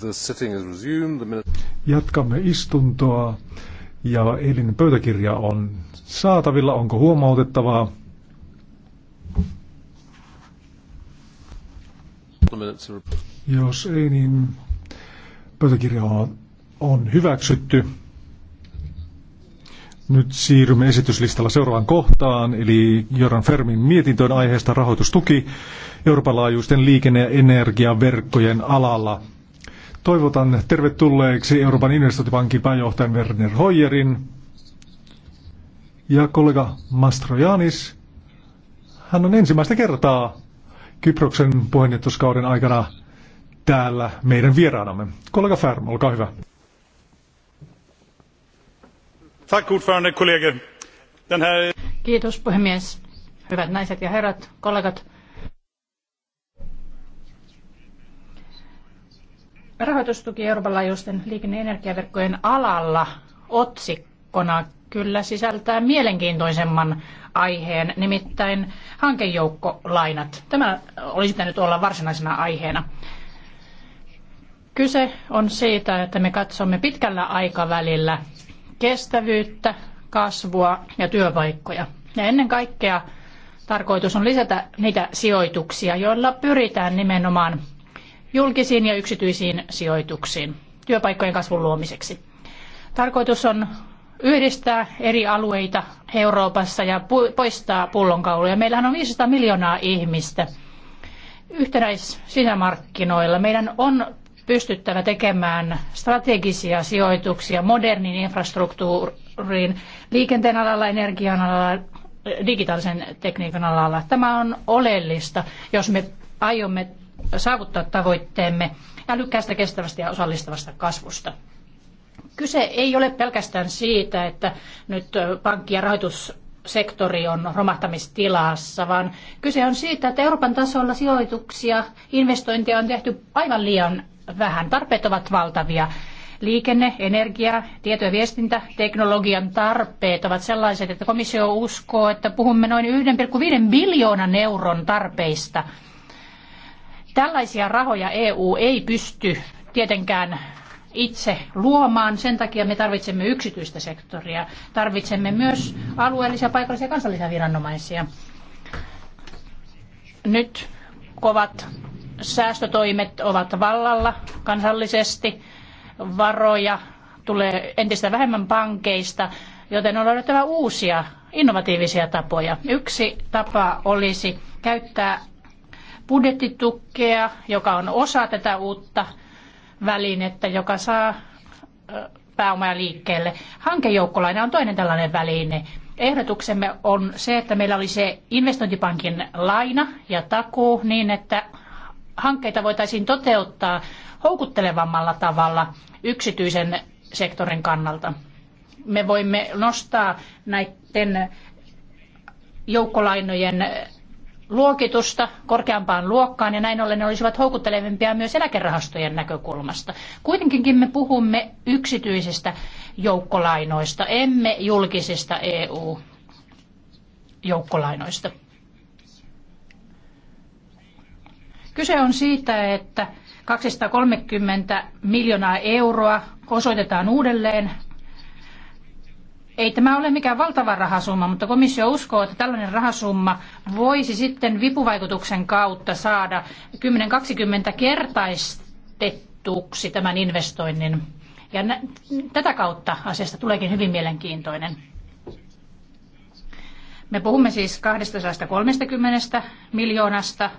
The sitting is resumed. The minute... Jatkamme istuntoa ja eilinen pöytäkirja on saatavilla. Onko huomautettavaa? Jos ei, niin pöytäkirja on, on hyväksytty. Nyt siirrymme esityslistalla seuraavaan kohtaan, eli Joran Fermin mietintöön aiheesta rahoitustuki Euroopan laajuisten liikenne- ja energiaverkkojen alalla. Toivotan tervetulleeksi Euroopan investointipankin pääjohtajan Werner Hoyerin ja kollega Mastrojanis. Hän on ensimmäistä kertaa Kyproksen puheenjohtajuuskauden aikana täällä meidän vieraanamme. Kollega Färm, olkaa hyvä. Kiitos puhemies. Hyvät naiset ja herrat, kollegat. Rahoitustuki Euroopan laajuisten liikenne-energiaverkkojen alalla otsikkona kyllä sisältää mielenkiintoisemman aiheen, nimittäin hankejoukkolainat. Tämä olisi pitänyt olla varsinaisena aiheena. Kyse on siitä, että me katsomme pitkällä aikavälillä kestävyyttä, kasvua ja työpaikkoja. Ja ennen kaikkea tarkoitus on lisätä niitä sijoituksia, joilla pyritään nimenomaan julkisiin ja yksityisiin sijoituksiin työpaikkojen kasvun luomiseksi. Tarkoitus on yhdistää eri alueita Euroopassa ja poistaa pullonkauluja. Meillähän on 500 miljoonaa ihmistä yhtenäis sisämarkkinoilla. Meidän on pystyttävä tekemään strategisia sijoituksia moderniin infrastruktuuriin, liikenteen alalla, energian alalla, digitaalisen tekniikan alalla. Tämä on oleellista, jos me aiomme saavuttaa tavoitteemme älykkäästä, kestävästä ja osallistavasta kasvusta. Kyse ei ole pelkästään siitä, että nyt pankki- ja rahoitussektori on romahtamistilassa, vaan kyse on siitä, että Euroopan tasolla sijoituksia, investointeja on tehty aivan liian vähän. Tarpeet ovat valtavia. Liikenne, energia, tieto- ja viestintä, teknologian tarpeet ovat sellaiset, että komissio uskoo, että puhumme noin 1,5 biljoonan euron tarpeista – Tällaisia rahoja EU ei pysty tietenkään itse luomaan. Sen takia me tarvitsemme yksityistä sektoria. Tarvitsemme myös alueellisia, paikallisia ja kansallisia viranomaisia. Nyt kovat säästötoimet ovat vallalla kansallisesti. Varoja tulee entistä vähemmän pankeista, joten on löydettävä uusia innovatiivisia tapoja. Yksi tapa olisi käyttää budjettitukea, joka on osa tätä uutta välinettä, joka saa pääomaa liikkeelle. Hankejoukkolaina on toinen tällainen väline. Ehdotuksemme on se, että meillä oli se investointipankin laina ja takuu niin, että hankkeita voitaisiin toteuttaa houkuttelevammalla tavalla yksityisen sektorin kannalta. Me voimme nostaa näiden joukkolainojen luokitusta korkeampaan luokkaan ja näin ollen ne olisivat houkuttelevimpia myös eläkerahastojen näkökulmasta. Kuitenkin me puhumme yksityisistä joukkolainoista, emme julkisista EU-joukkolainoista. Kyse on siitä, että 230 miljoonaa euroa osoitetaan uudelleen ei tämä ole mikään valtava rahasumma, mutta komissio uskoo, että tällainen rahasumma voisi sitten vipuvaikutuksen kautta saada 10-20 kertaistettuksi tämän investoinnin. Ja tätä kautta asiasta tuleekin hyvin mielenkiintoinen. Me puhumme siis 230 miljoonasta.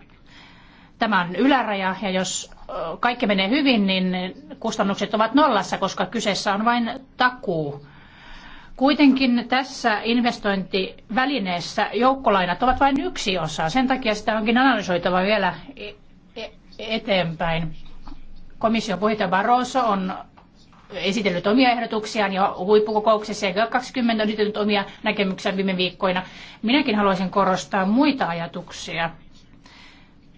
Tämä on yläraja ja jos kaikki menee hyvin, niin kustannukset ovat nollassa, koska kyseessä on vain takuu Kuitenkin tässä investointivälineessä joukkolainat ovat vain yksi osa. Sen takia sitä onkin analysoitava vielä e- e- eteenpäin. Komission puheenjohtaja Barroso on esitellyt omia ehdotuksiaan ja huippukokouksessa ja G20 on esitellyt omia näkemyksiä viime viikkoina. Minäkin haluaisin korostaa muita ajatuksia.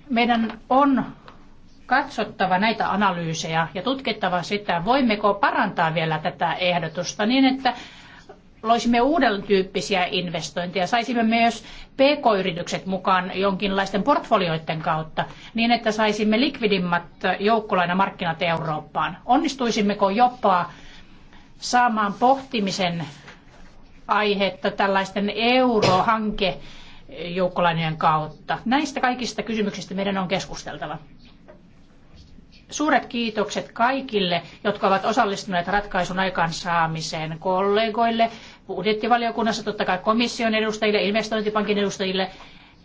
Meidän on katsottava näitä analyysejä ja tutkittava sitä, voimmeko parantaa vielä tätä ehdotusta niin, että loisimme uuden tyyppisiä investointeja. Saisimme myös pk-yritykset mukaan jonkinlaisten portfolioiden kautta niin, että saisimme likvidimmat joukkolainamarkkinat Eurooppaan. Onnistuisimmeko jopa saamaan pohtimisen aihetta tällaisten eurohanke joukkolainojen kautta? Näistä kaikista kysymyksistä meidän on keskusteltava. Suuret kiitokset kaikille, jotka ovat osallistuneet ratkaisun aikaansaamiseen kollegoille, budjettivaliokunnassa, totta kai komission edustajille, investointipankin edustajille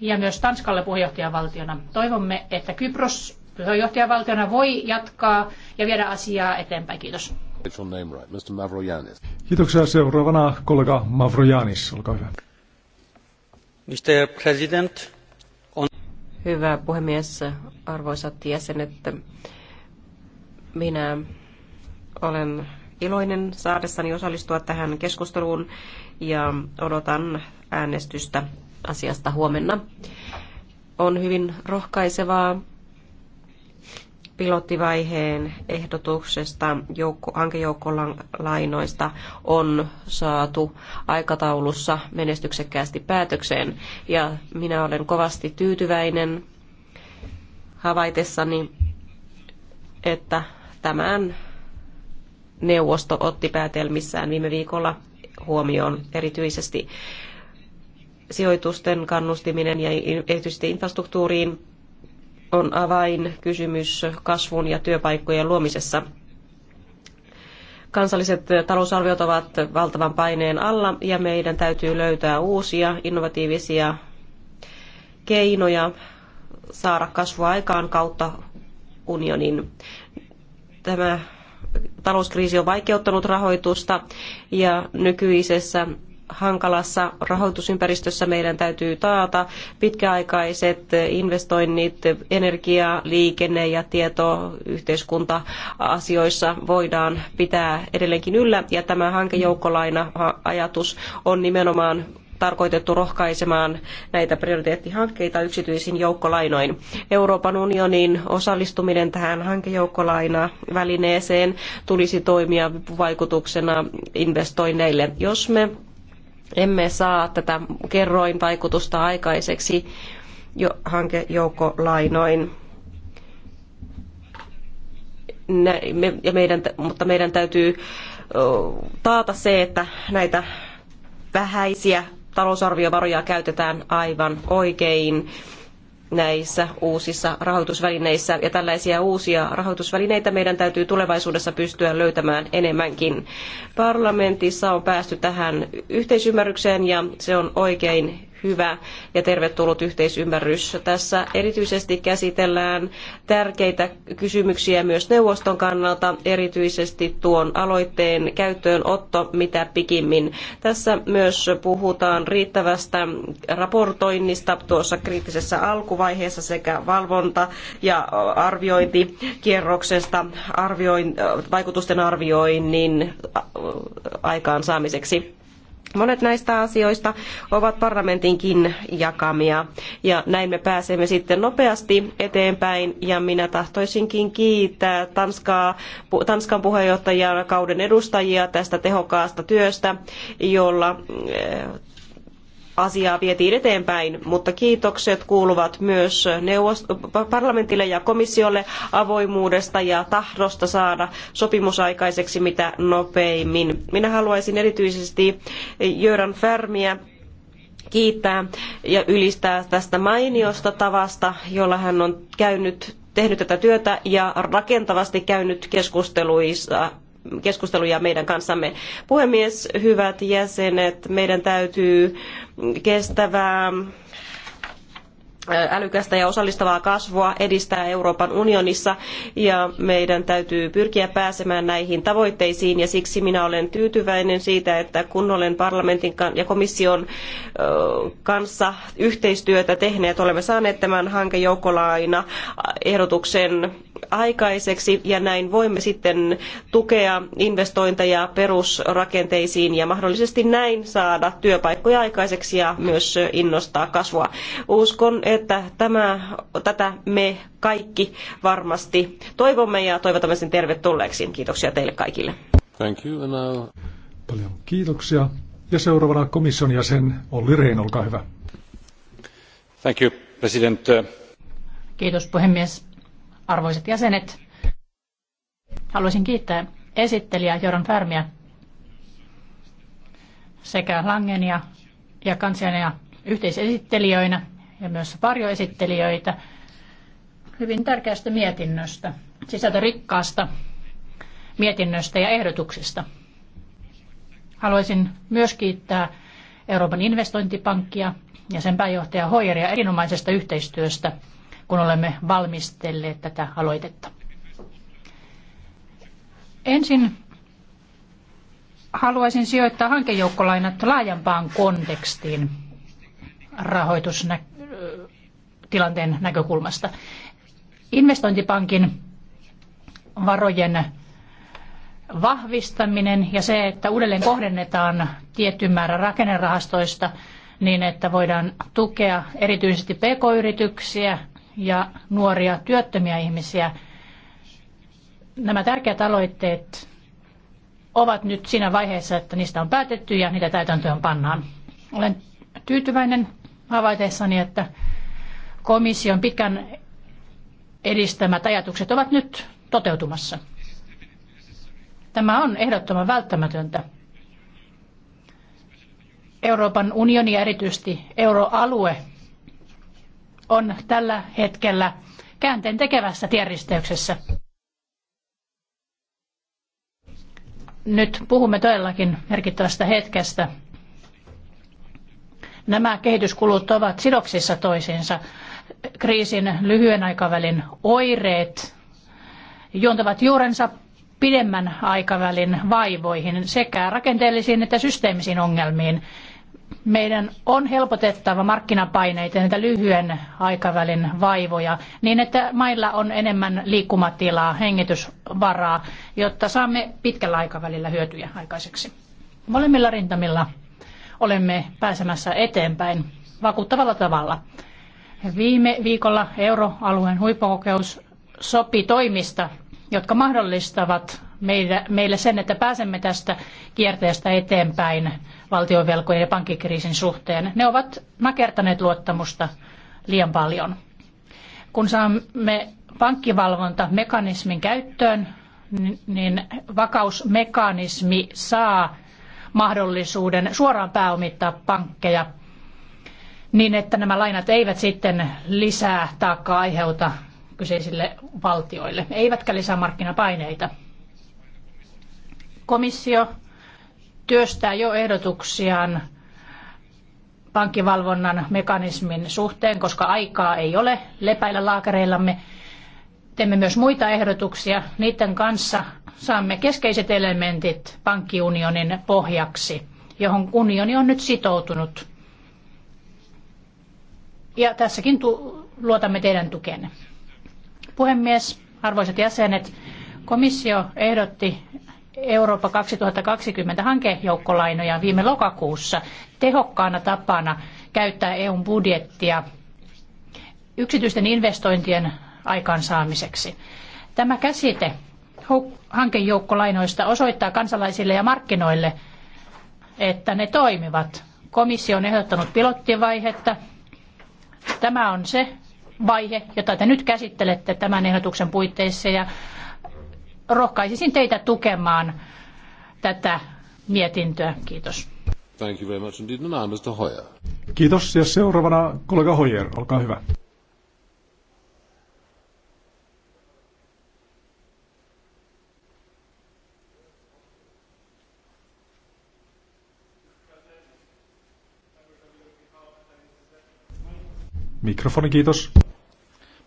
ja myös Tanskalle puheenjohtajavaltiona. Toivomme, että Kypros puheenjohtajavaltiona voi jatkaa ja viedä asiaa eteenpäin. Kiitos. Kiitoksia. Seuraavana kollega Mavrojanis, olkaa hyvä. Mr. President, on... Hyvä puhemies, arvoisat jäsenet. Minä olen iloinen saadessani osallistua tähän keskusteluun ja odotan äänestystä asiasta huomenna. On hyvin rohkaisevaa pilottivaiheen ehdotuksesta joukko, hankejoukkolainoista on saatu aikataulussa menestyksekkäästi päätökseen ja minä olen kovasti tyytyväinen havaitessani, että Tämän neuvosto otti päätelmissään viime viikolla huomioon erityisesti sijoitusten kannustiminen ja erityisesti infrastruktuuriin on avainkysymys kasvun ja työpaikkojen luomisessa. Kansalliset talousarviot ovat valtavan paineen alla ja meidän täytyy löytää uusia innovatiivisia keinoja saada kasvua aikaan kautta unionin. Tämä talouskriisi on vaikeuttanut rahoitusta ja nykyisessä hankalassa rahoitusympäristössä meidän täytyy taata pitkäaikaiset investoinnit energia, liikenne ja tietoyhteiskunta-asioissa voidaan pitää edelleenkin yllä. Ja tämä hankejoukkolaina-ajatus on nimenomaan tarkoitettu rohkaisemaan näitä prioriteettihankkeita yksityisin joukkolainoin. Euroopan unionin osallistuminen tähän hankejoukkolainavälineeseen tulisi toimia vaikutuksena investoinneille. Jos me emme saa tätä kerroinvaikutusta aikaiseksi jo hankejoukkolainoin, ja meidän, mutta meidän täytyy taata se, että näitä vähäisiä talousarviovaroja käytetään aivan oikein näissä uusissa rahoitusvälineissä ja tällaisia uusia rahoitusvälineitä meidän täytyy tulevaisuudessa pystyä löytämään enemmänkin. Parlamentissa on päästy tähän yhteisymmärrykseen ja se on oikein hyvä ja tervetullut yhteisymmärrys. Tässä erityisesti käsitellään tärkeitä kysymyksiä myös neuvoston kannalta, erityisesti tuon aloitteen käyttöönotto mitä pikimmin. Tässä myös puhutaan riittävästä raportoinnista tuossa kriittisessä alkuvaiheessa sekä valvonta- ja arviointikierroksesta arvioin, vaikutusten arvioinnin aikaansaamiseksi. Monet näistä asioista ovat parlamentinkin jakamia ja näin me pääsemme sitten nopeasti eteenpäin ja minä tahtoisinkin kiittää Tanskaa, Tanskan puheenjohtajakauden edustajia tästä tehokkaasta työstä, jolla eh, asiaa vietiin eteenpäin, mutta kiitokset kuuluvat myös neuvost- parlamentille ja komissiolle avoimuudesta ja tahdosta saada sopimus aikaiseksi mitä nopeimmin. Minä haluaisin erityisesti Jöran Färmiä kiittää ja ylistää tästä mainiosta tavasta, jolla hän on käynyt tehnyt tätä työtä ja rakentavasti käynyt keskusteluissa keskusteluja meidän kanssamme. Puhemies, hyvät jäsenet, meidän täytyy kestävää älykästä ja osallistavaa kasvua edistää Euroopan unionissa ja meidän täytyy pyrkiä pääsemään näihin tavoitteisiin ja siksi minä olen tyytyväinen siitä, että kun olen parlamentin ja komission kanssa yhteistyötä tehneet, olemme saaneet tämän hankejoukkolaina ehdotuksen aikaiseksi ja näin voimme sitten tukea investointeja perusrakenteisiin ja mahdollisesti näin saada työpaikkoja aikaiseksi ja myös innostaa kasvua. Uskon, että tämä, tätä me kaikki varmasti toivomme ja toivotamme sen tervetulleeksi. Kiitoksia teille kaikille. Thank you. Paljon kiitoksia. Ja seuraavana komission jäsen Olli Rehn, olkaa hyvä. Thank you, President. Kiitos puhemies arvoisat jäsenet. Haluaisin kiittää esittelijä Joran Färmiä sekä Langenia ja kansliania yhteisesittelijöinä ja myös varjoesittelijöitä hyvin tärkeästä mietinnöstä, sisältörikkaasta mietinnöstä ja ehdotuksista. Haluaisin myös kiittää Euroopan investointipankkia ja sen pääjohtaja Hoyeria erinomaisesta yhteistyöstä – kun olemme valmistelleet tätä aloitetta. Ensin haluaisin sijoittaa hankejoukkolainat laajempaan kontekstiin rahoitustilanteen näkökulmasta. Investointipankin varojen vahvistaminen ja se, että uudelleen kohdennetaan tietty määrä rakennerahastoista niin, että voidaan tukea erityisesti pk-yrityksiä ja nuoria työttömiä ihmisiä. Nämä tärkeät aloitteet ovat nyt siinä vaiheessa, että niistä on päätetty ja niitä täytäntöön pannaan. Olen tyytyväinen havaiteessani, että komission pitkän edistämät ajatukset ovat nyt toteutumassa. Tämä on ehdottoman välttämätöntä. Euroopan unioni ja erityisesti euroalue on tällä hetkellä käänteen tekevässä tienristeyksessä. Nyt puhumme todellakin merkittävästä hetkestä. Nämä kehityskulut ovat sidoksissa toisiinsa. Kriisin lyhyen aikavälin oireet juontavat juurensa pidemmän aikavälin vaivoihin sekä rakenteellisiin että systeemisiin ongelmiin. Meidän on helpotettava markkinapaineita, ja lyhyen aikavälin vaivoja, niin että mailla on enemmän liikkumatilaa, hengitysvaraa, jotta saamme pitkällä aikavälillä hyötyjä aikaiseksi. Molemmilla rintamilla olemme pääsemässä eteenpäin vakuuttavalla tavalla. Viime viikolla euroalueen huippukokous sopi toimista, jotka mahdollistavat meille sen, että pääsemme tästä kierteestä eteenpäin valtionvelkojen ja pankkikriisin suhteen. Ne ovat nakertaneet luottamusta liian paljon. Kun saamme pankkivalvontamekanismin käyttöön, niin vakausmekanismi saa mahdollisuuden suoraan pääomittaa pankkeja niin, että nämä lainat eivät sitten lisää taakkaa aiheuta kyseisille valtioille, eivätkä lisää markkinapaineita. Komissio työstää jo ehdotuksiaan pankkivalvonnan mekanismin suhteen, koska aikaa ei ole lepäillä laakereillamme. Teemme myös muita ehdotuksia. Niiden kanssa saamme keskeiset elementit pankkiunionin pohjaksi, johon unioni on nyt sitoutunut. Ja tässäkin luotamme teidän tukenne. Puhemies, arvoisat jäsenet, komissio ehdotti Eurooppa 2020 hankejoukkolainojaan viime lokakuussa tehokkaana tapana käyttää EUn budjettia yksityisten investointien aikaansaamiseksi. Tämä käsite hankejoukkolainoista osoittaa kansalaisille ja markkinoille, että ne toimivat. Komissio on ehdottanut pilottivaihetta. Tämä on se vaihe, jota te nyt käsittelette tämän ehdotuksen puitteissa ja rohkaisisin teitä tukemaan tätä mietintöä. Kiitos. Thank you very much indeed. No now, Mr. Hoyer. Kiitos. Ja seuraavana kollega Hoyer, olkaa hyvä. Mikrofoni, kiitos.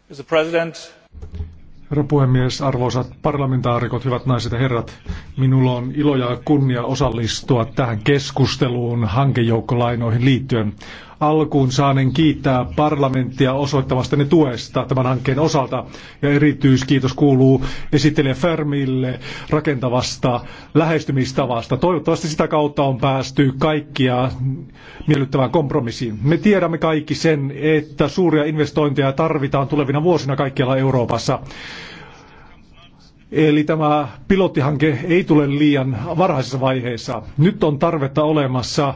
Mr. President. Herra puhemies, arvoisat parlamentaarikot, hyvät naiset ja herrat, minulla on ilo ja kunnia osallistua tähän keskusteluun hankejoukkolainoihin liittyen alkuun saanen kiittää parlamenttia osoittamastani tuesta tämän hankkeen osalta. Ja erityiskiitos kuuluu esittelijä Fermille rakentavasta lähestymistavasta. Toivottavasti sitä kautta on päästy kaikkia miellyttävään kompromissiin. Me tiedämme kaikki sen, että suuria investointeja tarvitaan tulevina vuosina kaikkialla Euroopassa. Eli tämä pilottihanke ei tule liian varhaisessa vaiheessa. Nyt on tarvetta olemassa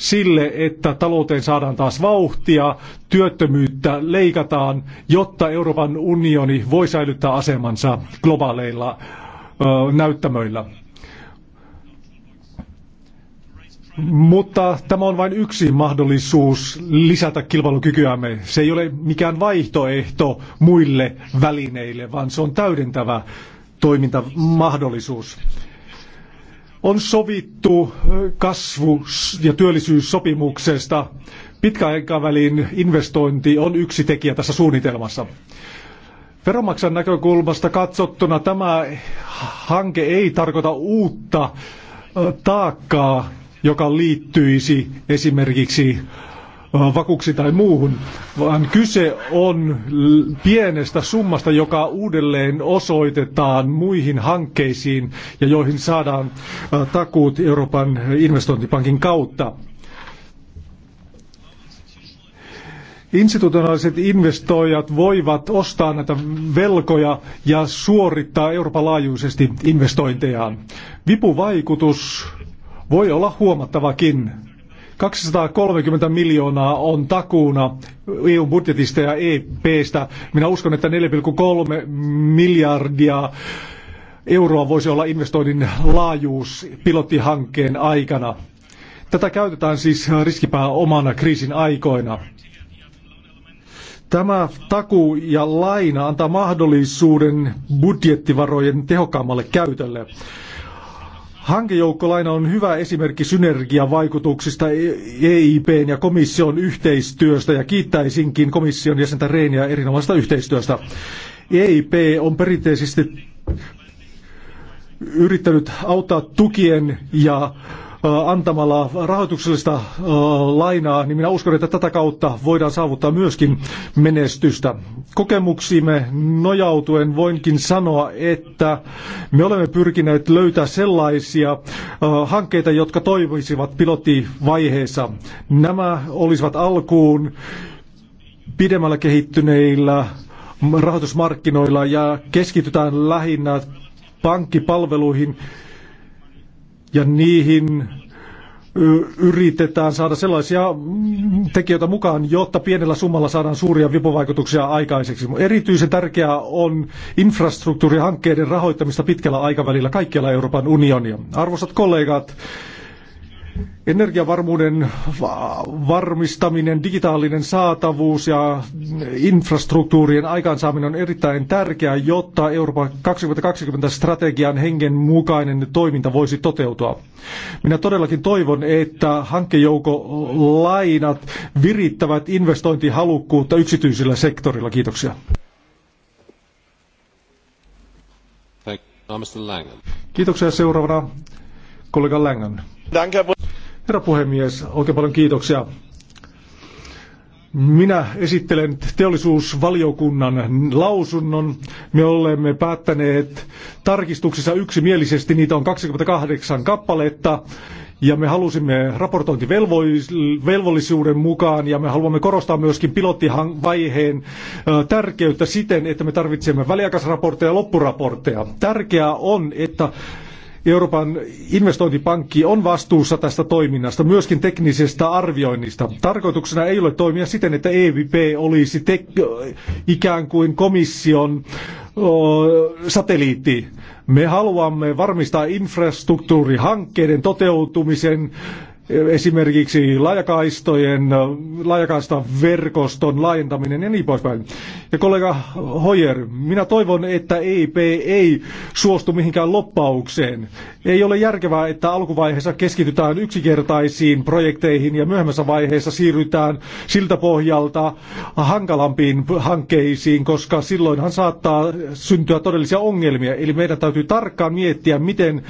sille, että talouteen saadaan taas vauhtia, työttömyyttä leikataan, jotta Euroopan unioni voi säilyttää asemansa globaaleilla ö, näyttämöillä. Mutta tämä on vain yksi mahdollisuus lisätä kilpailukykyämme. Se ei ole mikään vaihtoehto muille välineille, vaan se on täydentävä toimintamahdollisuus on sovittu kasvu- ja työllisyyssopimuksesta. Pitkäaikavälin investointi on yksi tekijä tässä suunnitelmassa. Veronmaksajan näkökulmasta katsottuna tämä hanke ei tarkoita uutta taakkaa, joka liittyisi esimerkiksi vakuuksi tai muuhun, vaan kyse on pienestä summasta, joka uudelleen osoitetaan muihin hankkeisiin ja joihin saadaan takuut Euroopan investointipankin kautta. Institutionaaliset investoijat voivat ostaa näitä velkoja ja suorittaa Euroopan laajuisesti investointejaan. Vipuvaikutus voi olla huomattavakin. 230 miljoonaa on takuuna EU-budjetista ja EPstä. Minä uskon, että 4,3 miljardia euroa voisi olla investoinnin laajuus pilottihankkeen aikana. Tätä käytetään siis riskipää omana kriisin aikoina. Tämä takuu ja laina antaa mahdollisuuden budjettivarojen tehokkaammalle käytölle. Hankejoukkolaina on hyvä esimerkki synergiavaikutuksista EIPn e ja komission yhteistyöstä ja kiittäisinkin komission jäsentä Reiniä erinomaisesta yhteistyöstä. EIP on perinteisesti yrittänyt auttaa tukien ja Äh, antamalla rahoituksellista äh, lainaa, niin minä uskon, että tätä kautta voidaan saavuttaa myöskin menestystä. Kokemuksiimme nojautuen voinkin sanoa, että me olemme pyrkineet löytää sellaisia äh, hankkeita, jotka toimisivat pilottivaiheessa. Nämä olisivat alkuun pidemmällä kehittyneillä rahoitusmarkkinoilla ja keskitytään lähinnä pankkipalveluihin, ja niihin yritetään saada sellaisia mm, tekijöitä mukaan, jotta pienellä summalla saadaan suuria vipovaikutuksia aikaiseksi. Erityisen tärkeää on infrastruktuurihankkeiden rahoittamista pitkällä aikavälillä kaikkialla Euroopan unionia. Arvoisat kollegat, Energiavarmuuden varmistaminen, digitaalinen saatavuus ja infrastruktuurien aikaansaaminen on erittäin tärkeää, jotta Euroopan 2020-strategian hengen mukainen toiminta voisi toteutua. Minä todellakin toivon, että hankejouko lainat virittävät investointihalukkuutta yksityisellä sektorilla. Kiitoksia. No, Kiitoksia seuraavana kollega Langan. Herra puhemies, oikein paljon kiitoksia. Minä esittelen teollisuusvaliokunnan lausunnon. Me olemme päättäneet tarkistuksissa yksimielisesti, niitä on 28 kappaletta, ja me halusimme raportointivelvollisuuden mukaan, ja me haluamme korostaa myöskin pilottivaiheen tärkeyttä siten, että me tarvitsemme väliaikaisraportteja ja loppuraportteja. Tärkeää on, että Euroopan investointipankki on vastuussa tästä toiminnasta, myöskin teknisestä arvioinnista. Tarkoituksena ei ole toimia siten, että EVP olisi ikään kuin komission satelliitti. Me haluamme varmistaa infrastruktuurihankkeiden toteutumisen esimerkiksi laajakaistojen, laajakaista verkoston laajentaminen ja niin poispäin. Ja kollega Hoyer, minä toivon, että EIP ei suostu mihinkään loppaukseen. Ei ole järkevää, että alkuvaiheessa keskitytään yksinkertaisiin projekteihin ja myöhemmässä vaiheessa siirrytään siltä pohjalta hankalampiin hankkeisiin, koska silloinhan saattaa syntyä todellisia ongelmia. Eli meidän täytyy tarkkaan miettiä, miten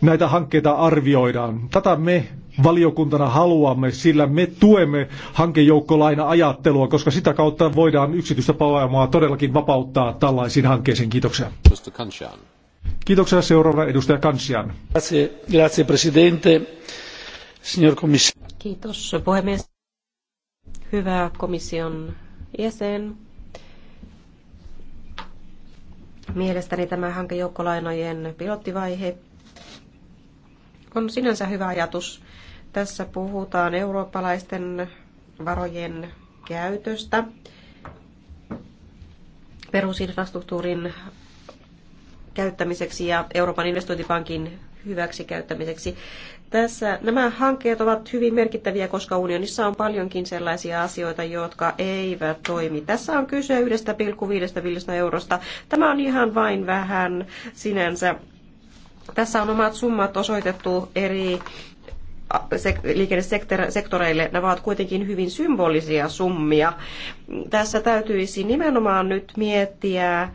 näitä hankkeita arvioidaan. Tätä me valiokuntana haluamme, sillä me tuemme hankejoukkolaina-ajattelua, koska sitä kautta voidaan yksityistä pääomaa todellakin vapauttaa tällaisiin hankkeisiin. Kiitoksia. Kiitoksia seuraavana edustaja Kansian. Kiitos puhemies. Hyvä komission jäsen. Mielestäni tämä hankejoukkolainojen pilottivaihe on sinänsä hyvä ajatus. Tässä puhutaan eurooppalaisten varojen käytöstä perusinfrastruktuurin käyttämiseksi ja Euroopan investointipankin hyväksi käyttämiseksi. Tässä nämä hankkeet ovat hyvin merkittäviä, koska unionissa on paljonkin sellaisia asioita, jotka eivät toimi. Tässä on kyse 1,5 eurosta. Tämä on ihan vain vähän sinänsä tässä on omat summat osoitettu eri liikennesektoreille. Nämä ovat kuitenkin hyvin symbolisia summia. Tässä täytyisi nimenomaan nyt miettiä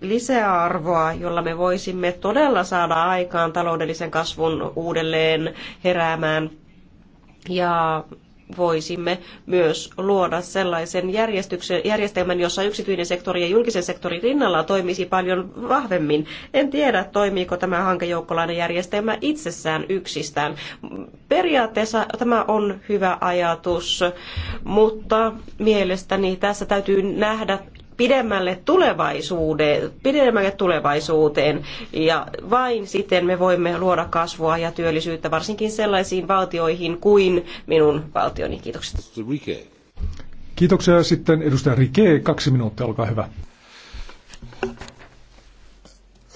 lisäarvoa, jolla me voisimme todella saada aikaan taloudellisen kasvun uudelleen heräämään ja voisimme myös luoda sellaisen järjestelmän, jossa yksityinen sektori ja julkisen sektorin rinnalla toimisi paljon vahvemmin. En tiedä, toimiiko tämä hankejoukkolainen järjestelmä itsessään yksistään. Periaatteessa tämä on hyvä ajatus, mutta mielestäni tässä täytyy nähdä pidemmälle tulevaisuuteen, pidemmälle tulevaisuuteen ja vain siten me voimme luoda kasvua ja työllisyyttä varsinkin sellaisiin valtioihin kuin minun valtioni. Kiitokset. Kiitoksia sitten edustaja Rike, kaksi minuuttia, olkaa hyvä.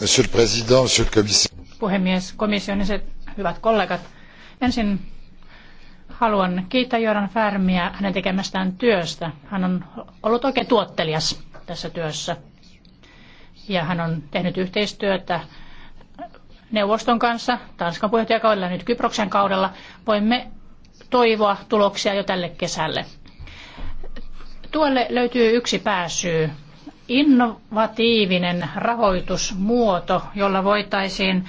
Monsieur le Président, Monsieur le Commissaire. Puhemies, komissioniset, hyvät kollegat. Ensin haluan kiittää Joran Färmiä hänen tekemästään työstä. Hän on ollut oikein tuottelias tässä työssä. Ja hän on tehnyt yhteistyötä neuvoston kanssa Tanskan puheenjohtajakaudella nyt Kyproksen kaudella. Voimme toivoa tuloksia jo tälle kesälle. Tuolle löytyy yksi pääsyy. Innovatiivinen rahoitusmuoto, jolla voitaisiin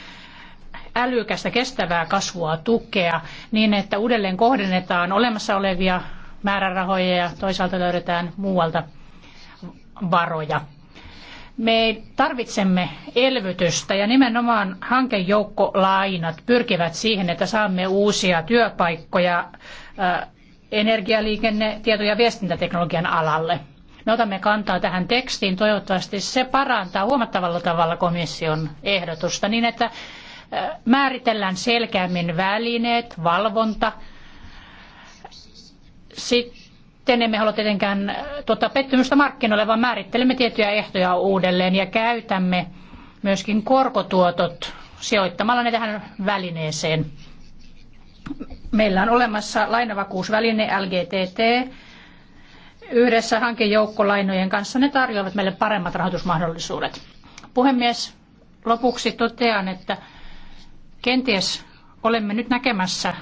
älykästä kestävää kasvua tukea niin, että uudelleen kohdennetaan olemassa olevia määrärahoja ja toisaalta löydetään muualta varoja. Me tarvitsemme elvytystä ja nimenomaan hankejoukkolainat pyrkivät siihen, että saamme uusia työpaikkoja äh, energialiikenne, tieto- ja viestintäteknologian alalle. Me otamme kantaa tähän tekstiin. Toivottavasti se parantaa huomattavalla tavalla komission ehdotusta niin, että äh, määritellään selkeämmin välineet, valvonta, sitten sitten emme halua tietenkään tuota pettymystä markkinoille, vaan määrittelemme tiettyjä ehtoja uudelleen ja käytämme myöskin korkotuotot sijoittamalla ne tähän välineeseen. Meillä on olemassa lainavakuusväline LGTT. Yhdessä hankejoukkolainojen kanssa ne tarjoavat meille paremmat rahoitusmahdollisuudet. Puhemies, lopuksi totean, että kenties olemme nyt näkemässä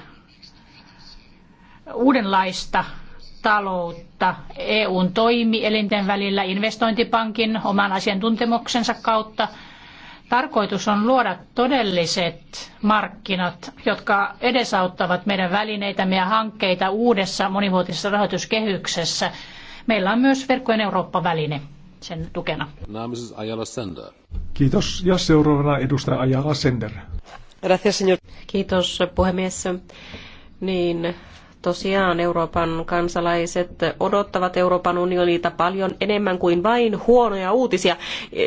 uudenlaista taloutta EUn toimielinten välillä investointipankin oman asiantuntemuksensa kautta. Tarkoitus on luoda todelliset markkinat, jotka edesauttavat meidän välineitämme ja hankkeita uudessa monivuotisessa rahoituskehyksessä. Meillä on myös verkkojen Eurooppa-väline sen tukena. Kiitos. Ja seuraavana edustaja Ajala Sender. Kiitos puhemies. Niin, Tosiaan Euroopan kansalaiset odottavat Euroopan unionilta paljon enemmän kuin vain huonoja uutisia.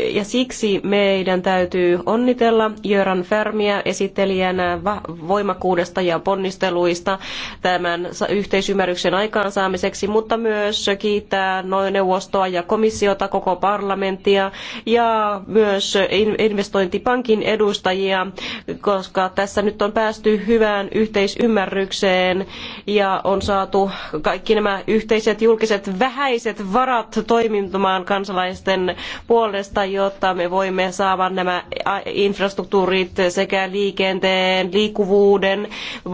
Ja siksi meidän täytyy onnitella Jöran Färmiä esittelijänä voimakkuudesta ja ponnisteluista tämän yhteisymmärryksen aikaansaamiseksi, mutta myös kiittää noin neuvostoa ja komissiota, koko parlamenttia ja myös investointipankin edustajia, koska tässä nyt on päästy hyvään yhteisymmärrykseen ja ja on saatu kaikki nämä yhteiset julkiset vähäiset varat toimimaan kansalaisten puolesta, jotta me voimme saada nämä infrastruktuurit sekä liikenteen, liikkuvuuden,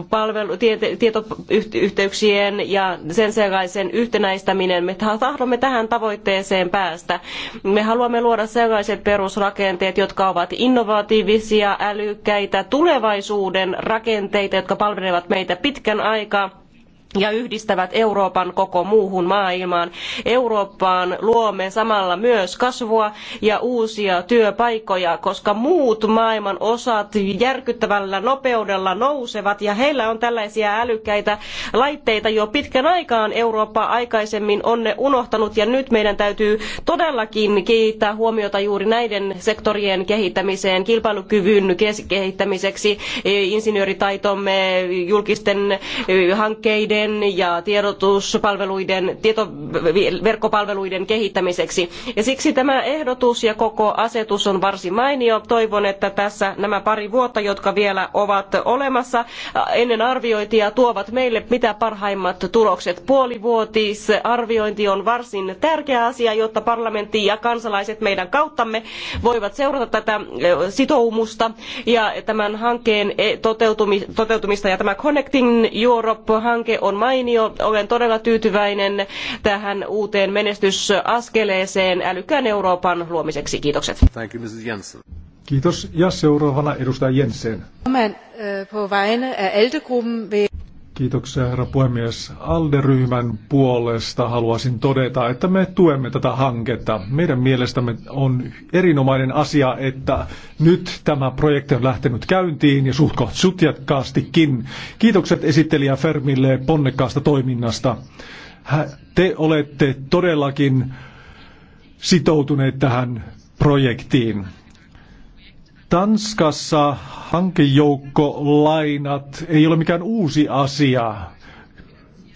palvelu, tiete, tietoyhteyksien ja sen sellaisen yhtenäistäminen. Me tahdomme tähän tavoitteeseen päästä. Me haluamme luoda sellaiset perusrakenteet, jotka ovat innovatiivisia, älykkäitä, tulevaisuuden rakenteita, jotka palvelevat meitä pitkän aikaa ja yhdistävät Euroopan koko muuhun maailmaan. Eurooppaan luomme samalla myös kasvua ja uusia työpaikkoja, koska muut maailman osat järkyttävällä nopeudella nousevat ja heillä on tällaisia älykkäitä laitteita jo pitkän aikaan. Eurooppa aikaisemmin on ne unohtanut ja nyt meidän täytyy todellakin kiinnittää huomiota juuri näiden sektorien kehittämiseen, kilpailukyvyn kehittämiseksi, e, insinööritaitomme, julkisten e, hankkeiden liikkuvuuden ja tiedotuspalveluiden, tietoverkkopalveluiden kehittämiseksi. Ja siksi tämä ehdotus ja koko asetus on varsin mainio. Toivon, että tässä nämä pari vuotta, jotka vielä ovat olemassa ennen arviointia, tuovat meille mitä parhaimmat tulokset. Puolivuotisarviointi on varsin tärkeä asia, jotta parlamentti ja kansalaiset meidän kauttamme voivat seurata tätä sitoumusta ja tämän hankkeen e, toteutumista ja tämä Connecting Europe-hanke on mainio. Olen todella tyytyväinen tähän uuteen menestysaskeleeseen älykkään Euroopan luomiseksi. Kiitokset. Thank you, Mrs. Jensen. Kiitos. Ja seuraavana edustaja Jensen. Øh, Kiitoksia herra puhemies. Alderyhmän puolesta haluaisin todeta, että me tuemme tätä hanketta. Meidän mielestämme on erinomainen asia, että nyt tämä projekti on lähtenyt käyntiin ja suht sutjakkaastikin. Kiitokset esittelijä Fermille ponnekkaasta toiminnasta. Te olette todellakin sitoutuneet tähän projektiin. Tanskassa hankejoukkolainat ei ole mikään uusi asia.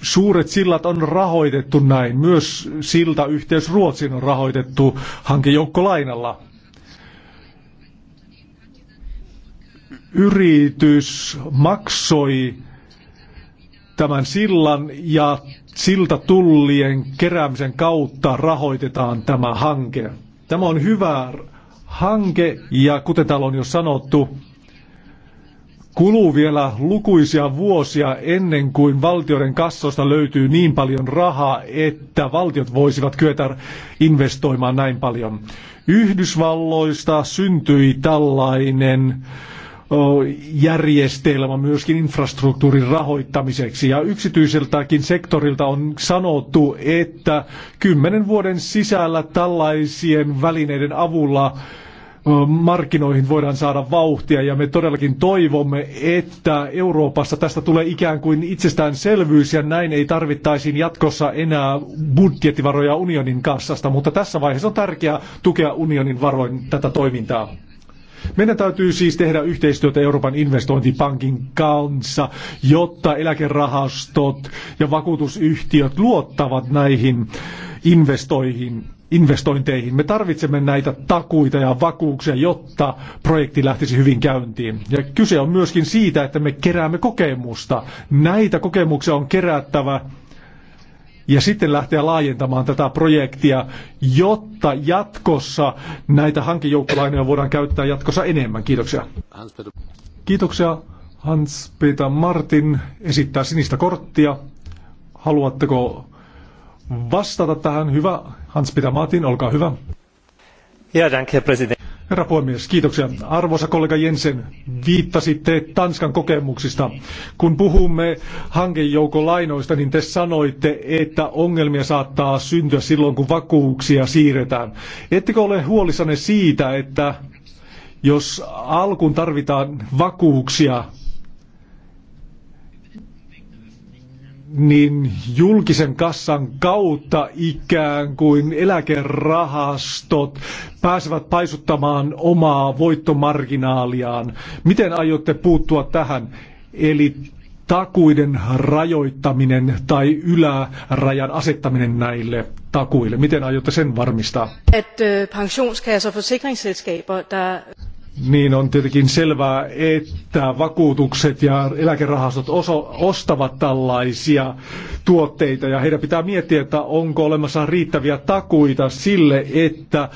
Suuret sillat on rahoitettu näin. Myös siltayhteys Ruotsiin on rahoitettu hankejoukkolainalla. Yritys maksoi tämän sillan ja siltatullien keräämisen kautta rahoitetaan tämä hanke. Tämä on hyvä hanke ja kuten täällä on jo sanottu, kuluu vielä lukuisia vuosia ennen kuin valtioiden kassosta löytyy niin paljon rahaa, että valtiot voisivat kyetä investoimaan näin paljon. Yhdysvalloista syntyi tällainen järjestelmä myöskin infrastruktuurin rahoittamiseksi. Ja yksityiseltäkin sektorilta on sanottu, että kymmenen vuoden sisällä tällaisien välineiden avulla markkinoihin voidaan saada vauhtia ja me todellakin toivomme, että Euroopassa tästä tulee ikään kuin itsestäänselvyys ja näin ei tarvittaisi jatkossa enää budjettivaroja unionin kassasta, mutta tässä vaiheessa on tärkeää tukea unionin varoin tätä toimintaa. Meidän täytyy siis tehdä yhteistyötä Euroopan investointipankin kanssa, jotta eläkerahastot ja vakuutusyhtiöt luottavat näihin investoihin investointeihin. Me tarvitsemme näitä takuita ja vakuuksia, jotta projekti lähtisi hyvin käyntiin. Ja kyse on myöskin siitä, että me keräämme kokemusta. Näitä kokemuksia on kerättävä ja sitten lähteä laajentamaan tätä projektia, jotta jatkossa näitä hankejoukkolainoja voidaan käyttää jatkossa enemmän. Kiitoksia. Kiitoksia. Hans-Peter Martin esittää sinistä korttia. Haluatteko vastata tähän? Hyvä. Hans-Peter Martin, olkaa hyvä. Ja, president. Herra puhemies, kiitoksia. Arvoisa kollega Jensen, viittasitte Tanskan kokemuksista. Kun puhumme hankejoukolainoista, niin te sanoitte, että ongelmia saattaa syntyä silloin, kun vakuuksia siirretään. Ettekö ole huolissanne siitä, että jos alkuun tarvitaan vakuuksia, niin julkisen kassan kautta ikään kuin eläkerahastot pääsevät paisuttamaan omaa voittomarginaaliaan. Miten aiotte puuttua tähän? Eli takuiden rajoittaminen tai ylärajan asettaminen näille takuille. Miten aiotte sen varmistaa? At äh, pensionskasser, der niin on tietenkin selvää, että vakuutukset ja eläkerahastot oso, ostavat tällaisia tuotteita ja heidän pitää miettiä, että onko olemassa riittäviä takuita sille, että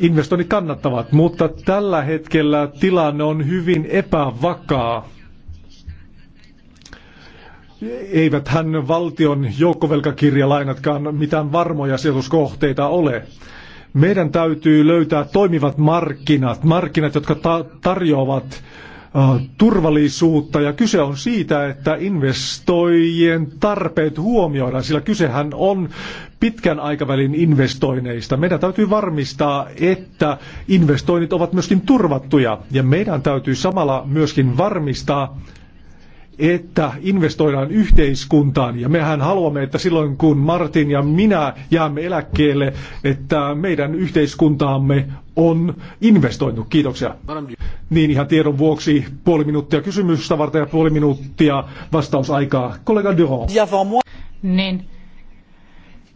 investoinnit kannattavat, mutta tällä hetkellä tilanne on hyvin epävakaa. Eivät hän valtion joukkovelkakirjalainatkaan mitään varmoja sijoituskohteita ole. Meidän täytyy löytää toimivat markkinat, markkinat, jotka ta- tarjoavat turvallisuutta ja kyse on siitä, että investoijien tarpeet huomioidaan, sillä kysehän on pitkän aikavälin investoinneista. Meidän täytyy varmistaa, että investoinnit ovat myöskin turvattuja ja meidän täytyy samalla myöskin varmistaa, että investoidaan yhteiskuntaan. Ja mehän haluamme, että silloin kun Martin ja minä jäämme eläkkeelle, että meidän yhteiskuntaamme on investoinut. Kiitoksia. Niin ihan tiedon vuoksi puoli minuuttia kysymystä varten ja puoli minuuttia vastausaikaa. Kollega Durand. Niin.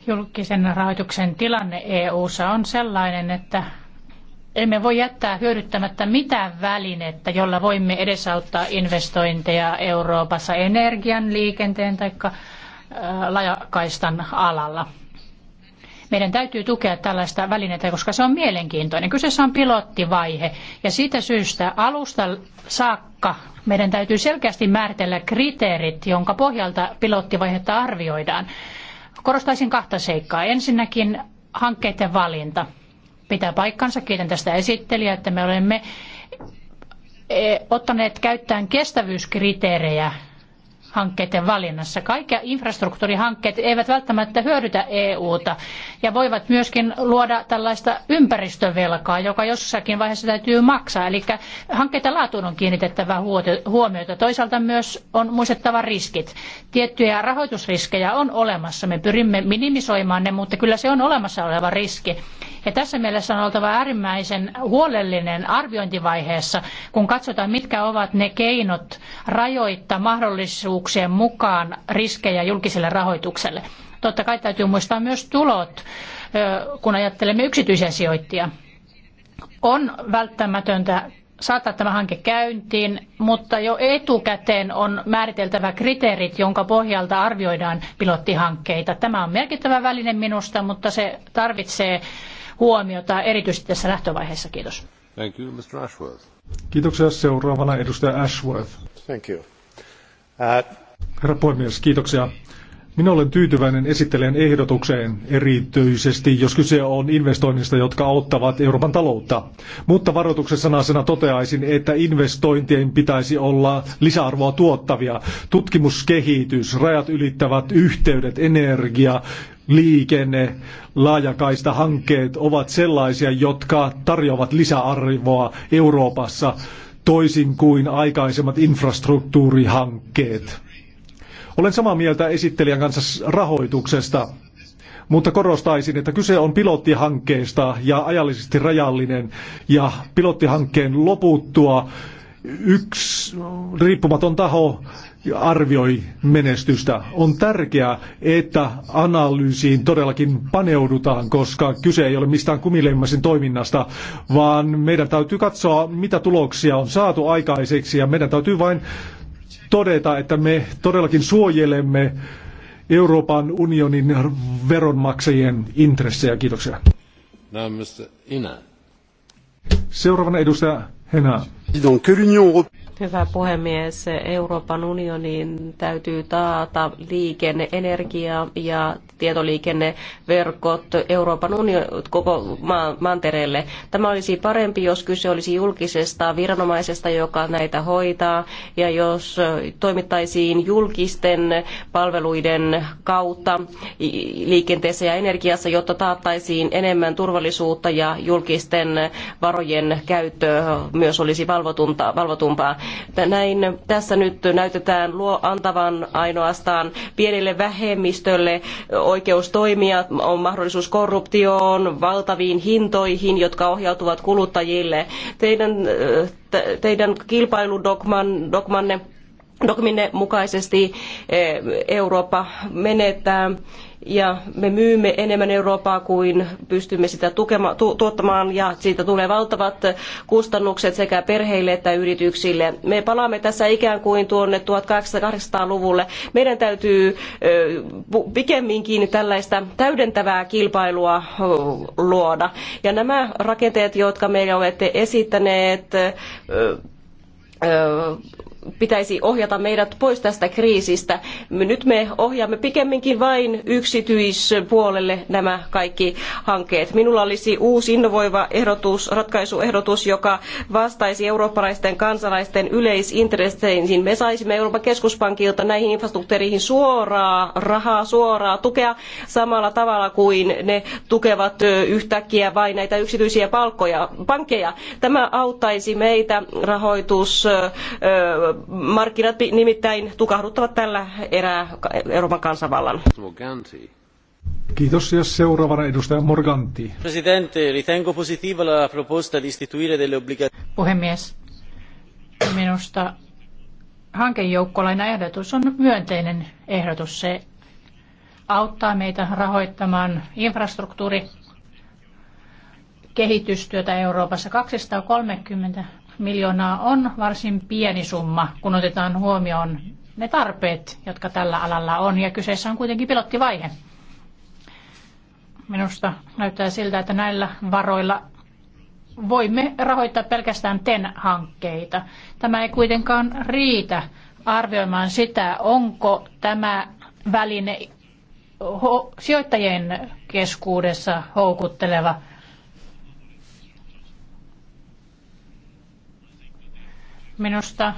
Julkisen rahoituksen tilanne EU:ssa on sellainen, että emme voi jättää hyödyttämättä mitään välinettä, jolla voimme edesauttaa investointeja Euroopassa energian, liikenteen tai äh, lajakaistan alalla. Meidän täytyy tukea tällaista välinettä, koska se on mielenkiintoinen. Kyseessä on pilottivaihe ja siitä syystä alusta saakka meidän täytyy selkeästi määritellä kriteerit, jonka pohjalta pilottivaihetta arvioidaan. Korostaisin kahta seikkaa. Ensinnäkin hankkeiden valinta pitää paikkansa. Kiitän tästä esittelijää, että me olemme e, ottaneet käyttöön kestävyyskriteerejä hankkeiden valinnassa. Kaikki infrastruktuurihankkeet eivät välttämättä hyödytä EUta ja voivat myöskin luoda tällaista ympäristövelkaa, joka jossakin vaiheessa täytyy maksaa. Eli hankkeiden laatuun on kiinnitettävä huomiota. Toisaalta myös on muistettava riskit. Tiettyjä rahoitusriskejä on olemassa. Me pyrimme minimisoimaan ne, mutta kyllä se on olemassa oleva riski. Ja tässä mielessä on oltava äärimmäisen huolellinen arviointivaiheessa, kun katsotaan, mitkä ovat ne keinot rajoittaa mahdollisuuksien mukaan riskejä julkiselle rahoitukselle. Totta kai täytyy muistaa myös tulot, kun ajattelemme yksityisiä sijoittajia. On välttämätöntä saattaa tämä hanke käyntiin, mutta jo etukäteen on määriteltävä kriteerit, jonka pohjalta arvioidaan pilottihankkeita. Tämä on merkittävä väline minusta, mutta se tarvitsee huomiota erityisesti tässä lähtövaiheessa. Kiitos. Thank you, Mr. Ashworth. Kiitoksia. Seuraavana edustaja Ashworth. Thank you. Uh... Herra puhemies, kiitoksia. Minä olen tyytyväinen esittelijän ehdotukseen erityisesti, jos kyse on investoinnista, jotka auttavat Euroopan taloutta. Mutta varoituksen sanasena toteaisin, että investointien pitäisi olla lisäarvoa tuottavia. Tutkimus, kehitys, rajat ylittävät yhteydet, energia liikenne, laajakaista hankkeet ovat sellaisia, jotka tarjoavat lisäarvoa Euroopassa toisin kuin aikaisemmat infrastruktuurihankkeet. Olen samaa mieltä esittelijän kanssa rahoituksesta, mutta korostaisin, että kyse on pilottihankkeesta ja ajallisesti rajallinen ja pilottihankkeen loputtua yksi riippumaton taho arvioi menestystä. On tärkeää, että analyysiin todellakin paneudutaan, koska kyse ei ole mistään kumileimmaisen toiminnasta, vaan meidän täytyy katsoa, mitä tuloksia on saatu aikaiseksi ja meidän täytyy vain todeta, että me todellakin suojelemme Euroopan unionin veronmaksajien intressejä. Kiitoksia. Seuraavana edustaja Henna. Donc, Hyvä puhemies. Euroopan unionin täytyy taata liikenne, energia ja tietoliikenneverkot Euroopan union, koko maan, mantereelle. Tämä olisi parempi, jos kyse olisi julkisesta viranomaisesta, joka näitä hoitaa, ja jos toimittaisiin julkisten palveluiden kautta liikenteessä ja energiassa, jotta taattaisiin enemmän turvallisuutta ja julkisten varojen käyttö myös olisi valvotumpaa näin tässä nyt näytetään luo antavan ainoastaan pienille vähemmistölle oikeus toimia, on mahdollisuus korruptioon, valtaviin hintoihin, jotka ohjautuvat kuluttajille. Teidän, eh, teidän kilpailudogmanne dogminne mukaisesti eh, Eurooppa menettää ja me myymme enemmän Eurooppaa kuin pystymme sitä tukema, tu, tuottamaan ja siitä tulee valtavat kustannukset sekä perheille että yrityksille. Me palaamme tässä ikään kuin tuonne 1800-luvulle. Meidän täytyy pikemminkin tällaista täydentävää kilpailua luoda. Ja nämä rakenteet, jotka meille olette esittäneet, pitäisi ohjata meidät pois tästä kriisistä. Nyt me ohjaamme pikemminkin vain yksityispuolelle nämä kaikki hankkeet. Minulla olisi uusi innovoiva ehdotus, ratkaisuehdotus, joka vastaisi eurooppalaisten kansalaisten yleisintresseihin. Me saisimme Euroopan keskuspankilta näihin infrastruktuureihin suoraa rahaa, suoraa tukea samalla tavalla kuin ne tukevat yhtäkkiä vain näitä yksityisiä palkkoja, pankkeja. Tämä auttaisi meitä rahoitus markkinat nimittäin tukahduttavat tällä erää Euroopan kansanvallan. Kiitos. Ja seuraavana edustaja Morganti. Presidente, ritengo positiva la proposta di istituire delle obbligazioni. Puhemies, minusta hankejoukkolainaehdotus on myönteinen ehdotus. Se auttaa meitä rahoittamaan infrastruktuuri kehitystyötä Euroopassa 230 miljoonaa on varsin pieni summa, kun otetaan huomioon ne tarpeet, jotka tällä alalla on, ja kyseessä on kuitenkin pilottivaihe. Minusta näyttää siltä, että näillä varoilla voimme rahoittaa pelkästään TEN-hankkeita. Tämä ei kuitenkaan riitä arvioimaan sitä, onko tämä väline sijoittajien keskuudessa houkutteleva – Minusta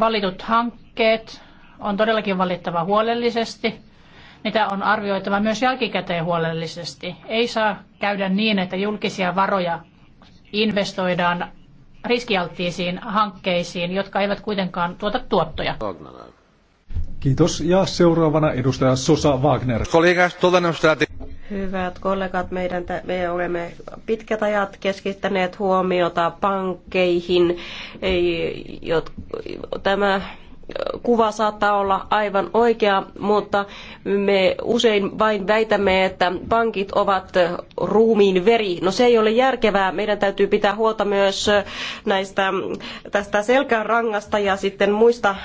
valitut hankkeet on todellakin valittava huolellisesti. Niitä on arvioitava myös jälkikäteen huolellisesti. Ei saa käydä niin, että julkisia varoja investoidaan riskialttiisiin hankkeisiin, jotka eivät kuitenkaan tuota tuottoja. Kiitos. Ja seuraavana edustaja Sosa Wagner. Kollegas, todennäköisesti. Hyvät kollegat, meidän, me olemme pitkät ajat keskittäneet huomiota pankkeihin. Ei, jot, tämä kuva saattaa olla aivan oikea, mutta me usein vain väitämme, että pankit ovat ruumiin veri. No se ei ole järkevää. Meidän täytyy pitää huolta myös näistä, tästä selkärangasta ja sitten muista äh,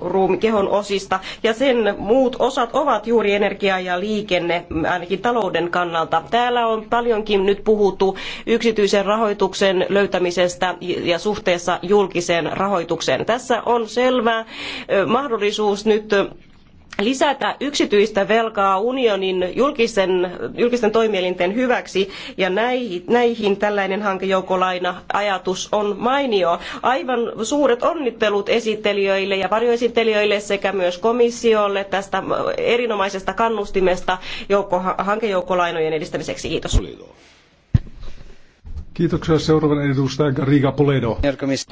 ruumikehon osista. Ja sen muut osat ovat juuri energia ja liikenne, ainakin talouden kannalta. Täällä on paljonkin nyt puhuttu yksityisen rahoituksen löytämisestä ja suhteessa julkiseen rahoitukseen tässä on selvä mahdollisuus nyt lisätä yksityistä velkaa unionin julkisen, julkisten toimielinten hyväksi ja näihin, näihin tällainen hankejoukkolaina-ajatus on mainio. Aivan suuret onnittelut esittelijöille ja varjoesittelijöille sekä myös komissiolle tästä erinomaisesta kannustimesta joukko, hankejoukkolainojen edistämiseksi. Kiitos. Kiitoksia. Seuraavan edustajan Riga Poledo.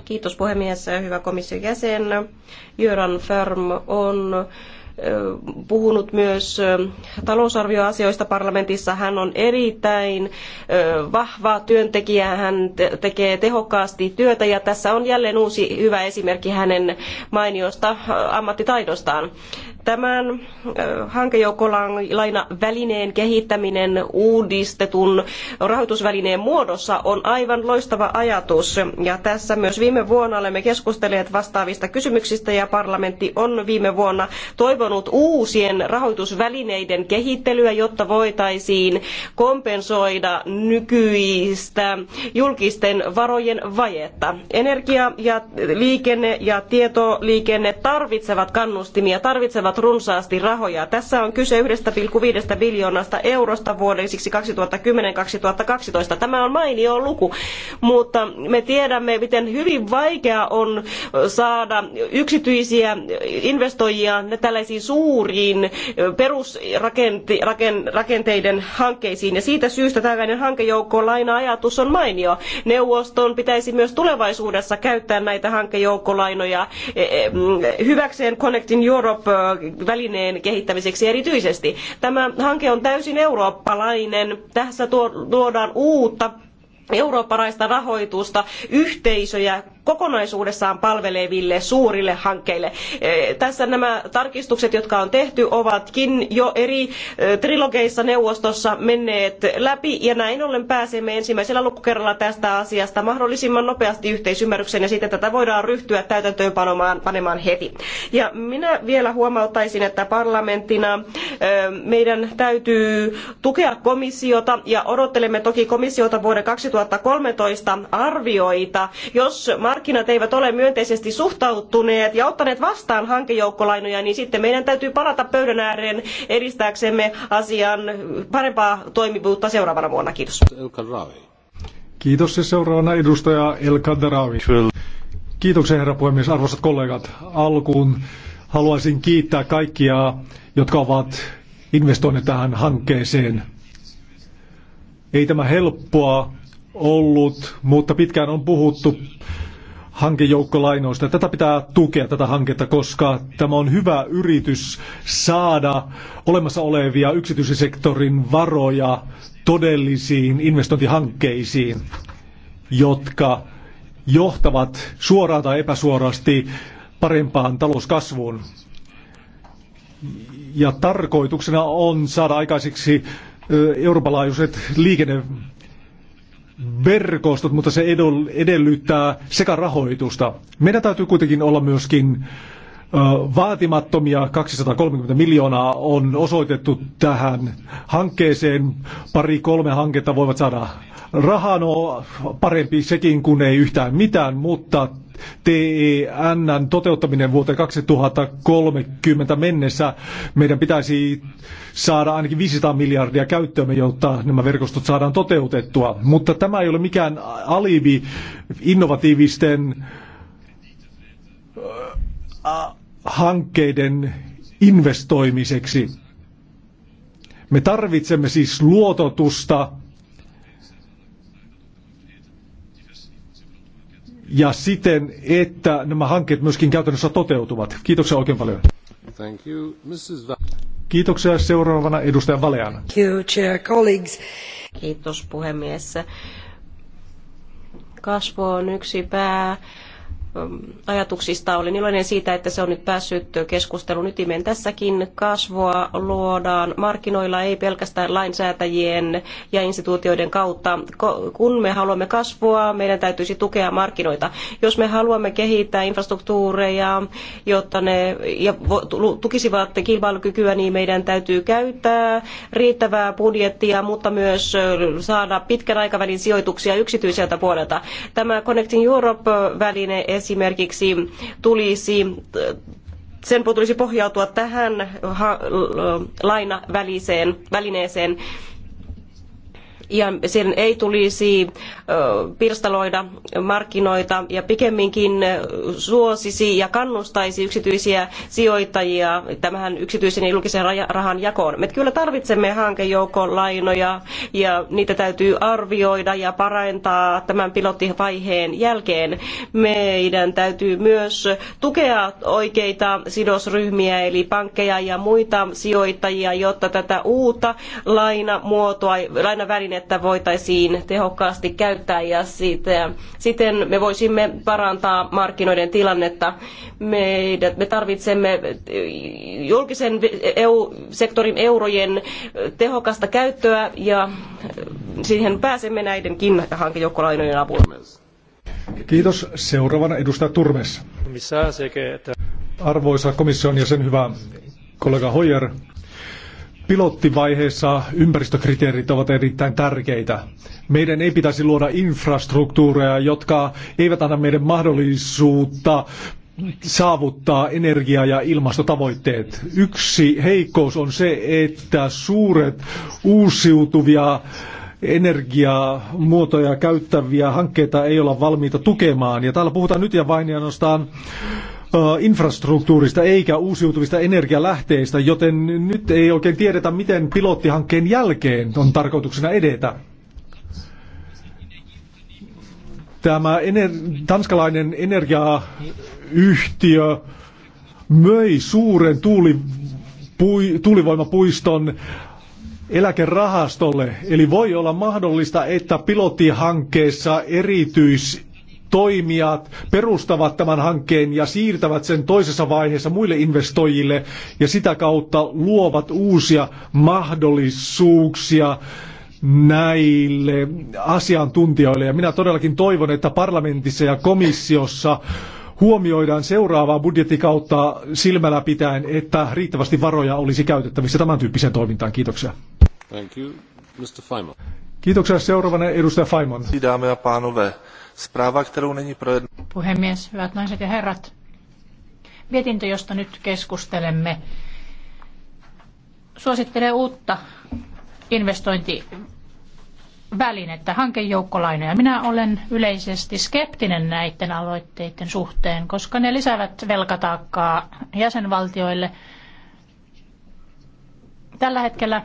Kiitos puhemies. Hyvä komission jäsen. Jöran Färm on puhunut myös talousarvioasioista parlamentissa. Hän on erittäin vahva työntekijä, hän tekee tehokkaasti työtä ja tässä on jälleen uusi hyvä esimerkki hänen mainiosta ammattitaidostaan. Tämän laina välineen kehittäminen uudistetun rahoitusvälineen muodossa on aivan loistava ajatus. Ja tässä myös viime vuonna olemme keskustelleet vastaavista kysymyksistä ja parlamentti on viime vuonna toivonut uusien rahoitusvälineiden kehittelyä, jotta voitaisiin kompensoida nykyistä julkisten varojen vajetta. Energia ja liikenne ja tietoliikenne tarvitsevat kannustimia, tarvitsevat runsaasti rahoja. Tässä on kyse 1,5 biljoonasta eurosta vuodesiksi 2010-2012. Tämä on mainio luku, mutta me tiedämme, miten hyvin vaikea on saada yksityisiä investoijia tällaisiin suuriin perusrakenteiden hankkeisiin. Ja siitä syystä tällainen hankejoukkoon laina-ajatus on mainio. Neuvoston pitäisi myös tulevaisuudessa käyttää näitä hankejoukkolainoja eh, eh, hyväkseen Connecting Europe eh, välineen kehittämiseksi erityisesti. Tämä hanke on täysin eurooppalainen. Tässä tuodaan uutta eurooppalaista rahoitusta, yhteisöjä kokonaisuudessaan palveleville suurille hankkeille. Eh, tässä nämä tarkistukset, jotka on tehty, ovatkin jo eri eh, trilogeissa neuvostossa menneet läpi ja näin ollen pääsemme ensimmäisellä lukukerralla tästä asiasta mahdollisimman nopeasti yhteisymmärrykseen ja sitten tätä voidaan ryhtyä täytäntöönpanemaan panemaan heti. Ja minä vielä huomauttaisin, että parlamenttina eh, meidän täytyy tukea komissiota ja odottelemme toki komissiota vuoden 2013 arvioita. Jos markkinat eivät ole myönteisesti suhtautuneet ja ottaneet vastaan hankejoukkolainoja, niin sitten meidän täytyy palata pöydän ääreen edistääksemme asian parempaa toimivuutta seuraavana vuonna. Kiitos. Kiitos ja seuraavana edustaja El Kiitoksia herra puhemies, arvoisat kollegat. Alkuun haluaisin kiittää kaikkia, jotka ovat investoineet tähän hankkeeseen. Ei tämä helppoa ollut, mutta pitkään on puhuttu hankejoukkolainoista. Tätä pitää tukea tätä hanketta, koska tämä on hyvä yritys saada olemassa olevia yksityissektorin varoja todellisiin investointihankkeisiin, jotka johtavat suoraan tai epäsuorasti parempaan talouskasvuun. Ja tarkoituksena on saada aikaiseksi Euroopan laajuiset liikenne verkostot, mutta se edellyttää sekä rahoitusta. Meidän täytyy kuitenkin olla myöskin vaatimattomia 230 miljoonaa on osoitettu tähän hankkeeseen. Pari kolme hanketta voivat saada Rahan no on parempi sekin kuin ei yhtään mitään, mutta TEN toteuttaminen vuoteen 2030 mennessä meidän pitäisi saada ainakin 500 miljardia käyttöömme, jotta nämä verkostot saadaan toteutettua. Mutta tämä ei ole mikään alibi innovatiivisten äh, hankkeiden investoimiseksi. Me tarvitsemme siis luototusta ja siten, että nämä hankkeet myöskin käytännössä toteutuvat. Kiitoksia oikein paljon. Thank you. Mrs. Kiitoksia seuraavana edustajan Valean. Kiitos puhemies. Kasvu on yksi pää Ähm, ajatuksista. Olen iloinen siitä, että se on nyt päässyt keskustelun ytimeen. Tässäkin kasvua luodaan markkinoilla, ei pelkästään lainsäätäjien ja instituutioiden kautta. Kun me haluamme kasvua, meidän täytyisi tukea markkinoita. Jos me haluamme kehittää infrastruktuureja, jotta ne ja tukisivat kilpailukykyä, niin meidän täytyy käyttää riittävää budjettia, mutta myös saada pitkän aikavälin sijoituksia yksityiseltä puolelta. Tämä Connecting Europe-väline esimerkiksi tulisi sen tulisi pohjautua tähän lainavälineeseen ja sen ei tulisi pirstaloida markkinoita ja pikemminkin suosisi ja kannustaisi yksityisiä sijoittajia tämähän yksityisen ja julkisen rahan jakoon. Me kyllä tarvitsemme hankejoukon lainoja ja niitä täytyy arvioida ja parantaa tämän pilottivaiheen jälkeen. Meidän täytyy myös tukea oikeita sidosryhmiä eli pankkeja ja muita sijoittajia, jotta tätä uutta lainamuotoa, lainavälineitä että voitaisiin tehokkaasti käyttää ja siitä, siten me voisimme parantaa markkinoiden tilannetta. Meidät, me tarvitsemme julkisen EU, sektorin eurojen tehokasta käyttöä ja siihen pääsemme näidenkin hankejoukkolainojen avulla. Kiitos. Seuraavana edustaja Turmes. Arvoisa komission jäsen, hyvä kollega Hoyer, Pilottivaiheessa ympäristökriteerit ovat erittäin tärkeitä. Meidän ei pitäisi luoda infrastruktuureja, jotka eivät anna meidän mahdollisuutta saavuttaa energia- ja ilmastotavoitteet. Yksi heikkous on se, että suuret uusiutuvia energiamuotoja käyttäviä hankkeita ei olla valmiita tukemaan. Ja täällä puhutaan nyt ja vain ainoastaan infrastruktuurista eikä uusiutuvista energialähteistä, joten nyt ei oikein tiedetä, miten pilottihankkeen jälkeen on tarkoituksena edetä. Tämä ener- tanskalainen energiayhtiö möi suuren tuuli- pui- tuulivoimapuiston eläkerahastolle. Eli voi olla mahdollista, että pilottihankkeessa erityis toimijat perustavat tämän hankkeen ja siirtävät sen toisessa vaiheessa muille investoijille ja sitä kautta luovat uusia mahdollisuuksia näille asiantuntijoille. Ja minä todellakin toivon, että parlamentissa ja komissiossa huomioidaan seuraavaa budjettikautta silmällä pitäen, että riittävästi varoja olisi käytettävissä tämän tyyppiseen toimintaan. Kiitoksia. Thank you. Mr. Kiitoksia seuraavana edustaja Faimon. pánové, kterou není projedna... Puhemies, hyvät naiset ja herrat. Mietintö, josta nyt keskustelemme, suosittelee uutta investointivälinettä, hankejoukkolainoja. Minä olen yleisesti skeptinen näiden aloitteiden suhteen, koska ne lisäävät velkataakkaa jäsenvaltioille. Tällä hetkellä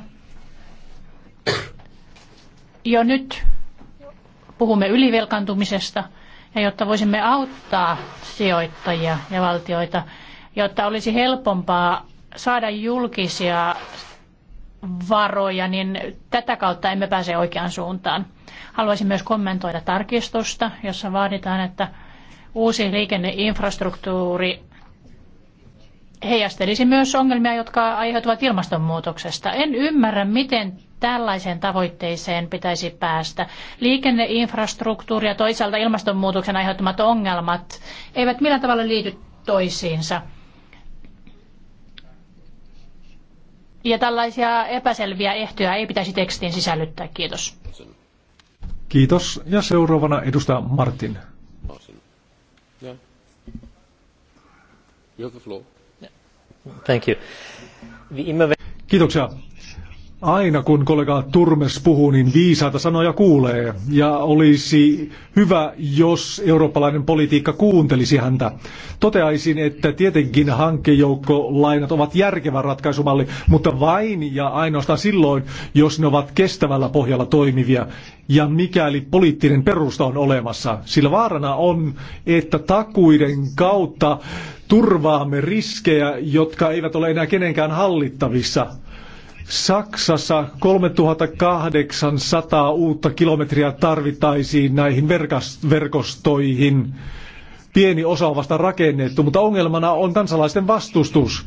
jo nyt puhumme ylivelkaantumisesta ja jotta voisimme auttaa sijoittajia ja valtioita, jotta olisi helpompaa saada julkisia varoja, niin tätä kautta emme pääse oikeaan suuntaan. Haluaisin myös kommentoida tarkistusta, jossa vaaditaan, että uusi liikenneinfrastruktuuri heijastelisi myös ongelmia, jotka aiheutuvat ilmastonmuutoksesta. En ymmärrä, miten tällaiseen tavoitteeseen pitäisi päästä. Liikenneinfrastruktuuri ja toisaalta ilmastonmuutoksen aiheuttamat ongelmat eivät millään tavalla liity toisiinsa. Ja tällaisia epäselviä ehtoja ei pitäisi tekstiin sisällyttää. Kiitos. Kiitos. Ja seuraavana edustaja Martin. Thank you. Kiitoksia. Aina kun kollega Turmes puhuu, niin viisaita sanoja kuulee. Ja olisi hyvä, jos eurooppalainen politiikka kuuntelisi häntä. Toteaisin, että tietenkin hankkejoukkolainat ovat järkevä ratkaisumalli, mutta vain ja ainoastaan silloin, jos ne ovat kestävällä pohjalla toimivia ja mikäli poliittinen perusta on olemassa. Sillä vaarana on, että takuiden kautta turvaamme riskejä, jotka eivät ole enää kenenkään hallittavissa. Saksassa 3800 uutta kilometriä tarvittaisiin näihin verkostoihin. Pieni osa on vasta rakennettu, mutta ongelmana on kansalaisten vastustus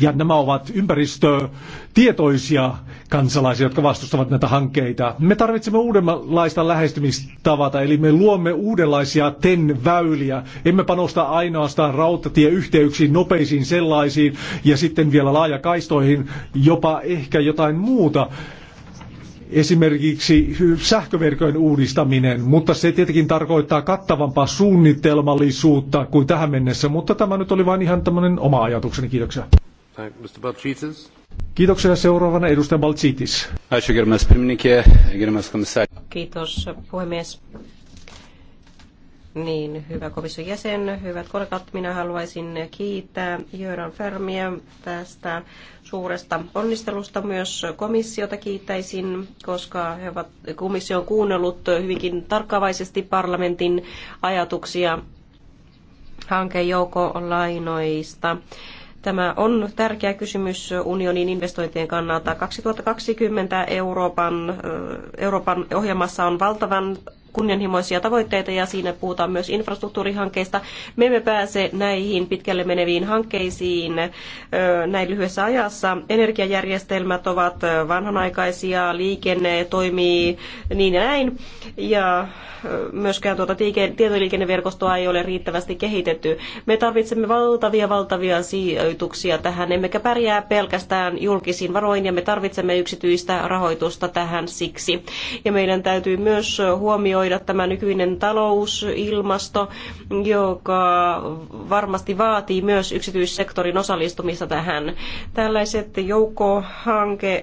ja nämä ovat ympäristötietoisia kansalaisia, jotka vastustavat näitä hankkeita. Me tarvitsemme uudenlaista lähestymistavata, eli me luomme uudenlaisia TEN-väyliä. Emme panosta ainoastaan rautatieyhteyksiin, nopeisiin sellaisiin, ja sitten vielä laajakaistoihin, jopa ehkä jotain muuta esimerkiksi sähköverkojen uudistaminen, mutta se tietenkin tarkoittaa kattavampaa suunnitelmallisuutta kuin tähän mennessä, mutta tämä nyt oli vain ihan tämmöinen oma ajatukseni. Kiitoksia. Kiitoksia seuraavana edustaja Balcitis. Kiitos puhemies. Niin, hyvä komission jäsen, hyvät kollegat, minä haluaisin kiittää Jöran Färmiä tästä suuresta onnistelusta. Myös komissiota kiittäisin, koska he ovat, komissio on kuunnellut hyvinkin tarkkaavaisesti parlamentin ajatuksia hankejoukkolainoista. Tämä on tärkeä kysymys unionin investointien kannalta. 2020 Euroopan, Euroopan ohjelmassa on valtavan kunnianhimoisia tavoitteita ja siinä puhutaan myös infrastruktuurihankkeista. Me emme pääse näihin pitkälle meneviin hankkeisiin näin lyhyessä ajassa. Energiajärjestelmät ovat vanhanaikaisia, liikenne toimii niin ja näin ja myöskään tuota tietoliikenneverkostoa ei ole riittävästi kehitetty. Me tarvitsemme valtavia valtavia sijoituksia tähän, emmekä pärjää pelkästään julkisiin varoin ja me tarvitsemme yksityistä rahoitusta tähän siksi. Ja meidän täytyy myös huomioida huomioida tämä nykyinen talousilmasto, joka varmasti vaatii myös yksityissektorin osallistumista tähän. Tällaiset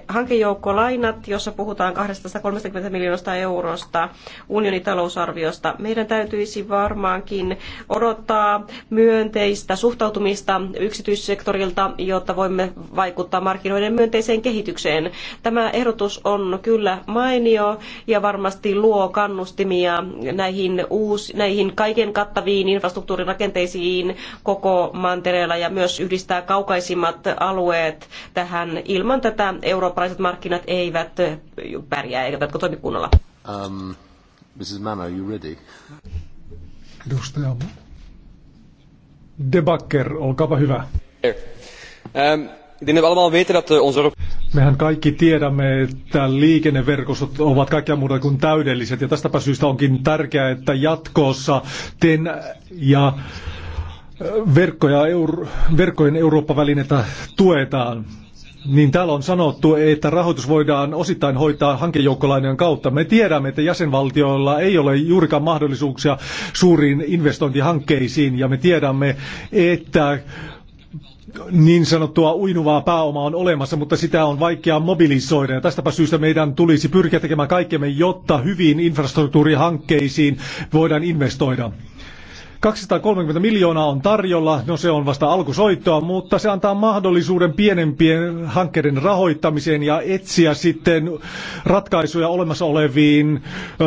hankejoukkolainat, jossa puhutaan 230 miljoonasta eurosta unionin talousarviosta. Meidän täytyisi varmaankin odottaa myönteistä suhtautumista yksityissektorilta, jotta voimme vaikuttaa markkinoiden myönteiseen kehitykseen. Tämä ehdotus on kyllä mainio ja varmasti luo kannustimia toimia näihin, uus, näihin kaiken kattaviin infrastruktuurirakenteisiin koko mantereella ja myös yhdistää kaukaisimmat alueet tähän. Ilman tätä eurooppalaiset markkinat eivät pärjää eivätkä toimi kunnolla. Um, Mrs. Mann, are you ready? Edustaja Debakker, olkaapa hyvä. Um, ik denk dat we allemaal weten dat uh, onze Europese Mehän kaikki tiedämme, että liikenneverkostot ovat kaikkea muuta kuin täydelliset ja tästäpä syystä onkin tärkeää, että jatkossa TEN ja verkkoja, verkkojen Eurooppa-välinettä tuetaan. Niin täällä on sanottu, että rahoitus voidaan osittain hoitaa hankejoukkolainan kautta. Me tiedämme, että jäsenvaltioilla ei ole juurikaan mahdollisuuksia suuriin investointihankkeisiin ja me tiedämme, että niin sanottua uinuvaa pääomaa on olemassa, mutta sitä on vaikea mobilisoida. Ja tästäpä syystä meidän tulisi pyrkiä tekemään kaikkemme, jotta hyviin infrastruktuurihankkeisiin voidaan investoida. 230 miljoonaa on tarjolla, no se on vasta alkusoittoa, mutta se antaa mahdollisuuden pienempien hankkeiden rahoittamiseen ja etsiä sitten ratkaisuja olemassa oleviin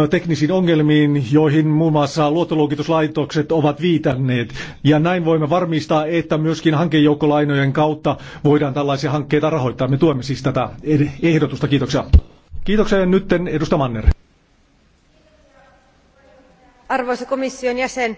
teknisiin ongelmiin, joihin muun muassa luottoluokituslaitokset ovat viitanneet. Ja näin voimme varmistaa, että myöskin hankejoukkolainojen kautta voidaan tällaisia hankkeita rahoittaa. Me tuemme siis tätä ehdotusta. Kiitoksia. Kiitoksia nyt edustaja Manner. Arvoisa komission jäsen,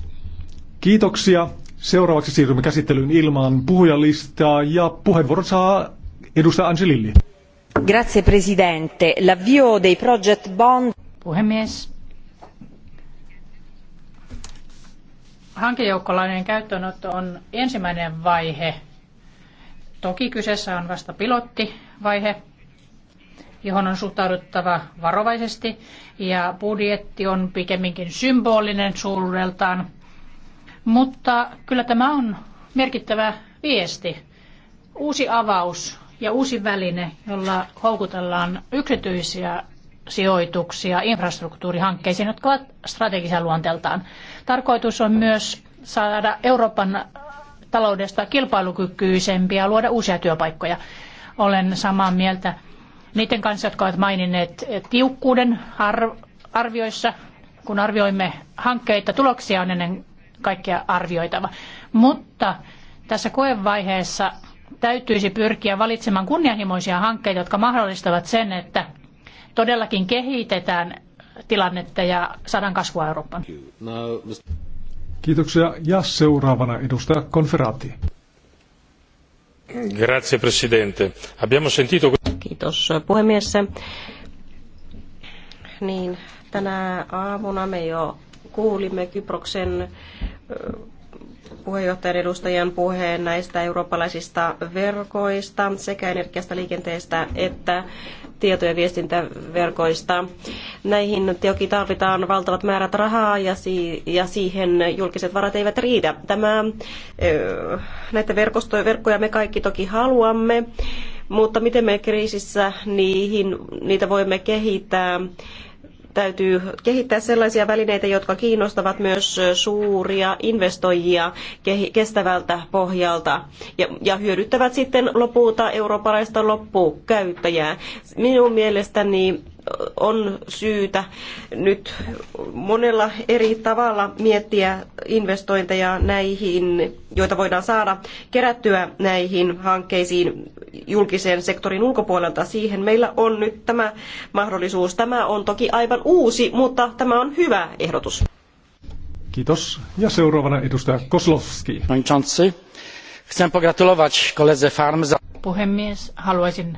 Kiitoksia. Seuraavaksi siirrymme käsittelyyn ilman puhujalistaa ja puheenvuoron saa edustaja Angelilli. Grazie presidente. L'avvio dei project bond... Puhemies. Hankejoukkolainen käyttöönotto on ensimmäinen vaihe. Toki kyseessä on vasta pilottivaihe, johon on suhtauduttava varovaisesti, ja budjetti on pikemminkin symbolinen suuruudeltaan – mutta kyllä tämä on merkittävä viesti, uusi avaus ja uusi väline, jolla houkutellaan yksityisiä sijoituksia infrastruktuurihankkeisiin, jotka ovat strategisia luonteeltaan. Tarkoitus on myös saada Euroopan taloudesta kilpailukykyisempi ja luoda uusia työpaikkoja. Olen samaa mieltä niiden kanssa, jotka ovat maininneet tiukkuuden arvioissa, kun arvioimme hankkeita. Tuloksia on ennen kaikkea arvioitava. Mutta tässä koevaiheessa täytyisi pyrkiä valitsemaan kunnianhimoisia hankkeita, jotka mahdollistavat sen, että todellakin kehitetään tilannetta ja saadaan kasvua Euroopan. Kiitoksia. Ja seuraavana edustaja Grazie Presidente. Abbiamo sentito... Kiitos puhemies. Niin, tänä aamuna me jo kuulimme Kyproksen puheenjohtajan edustajan puheen näistä eurooppalaisista verkoista sekä energiasta liikenteestä että tieto- ja viestintäverkoista. Näihin toki tarvitaan valtavat määrät rahaa ja, si- ja siihen julkiset varat eivät riitä. Tämä, näitä verkostoja, verkkoja me kaikki toki haluamme, mutta miten me kriisissä niihin, niitä voimme kehittää täytyy kehittää sellaisia välineitä, jotka kiinnostavat myös suuria investoijia kestävältä pohjalta ja, hyödyttävät sitten lopulta eurooppalaista loppukäyttäjää. Minun mielestäni on syytä nyt monella eri tavalla miettiä investointeja näihin, joita voidaan saada kerättyä näihin hankkeisiin julkisen sektorin ulkopuolelta. Siihen meillä on nyt tämä mahdollisuus. Tämä on toki aivan uusi, mutta tämä on hyvä ehdotus. Kiitos. Ja seuraavana edustaja Koslowski. Puhemies, haluaisin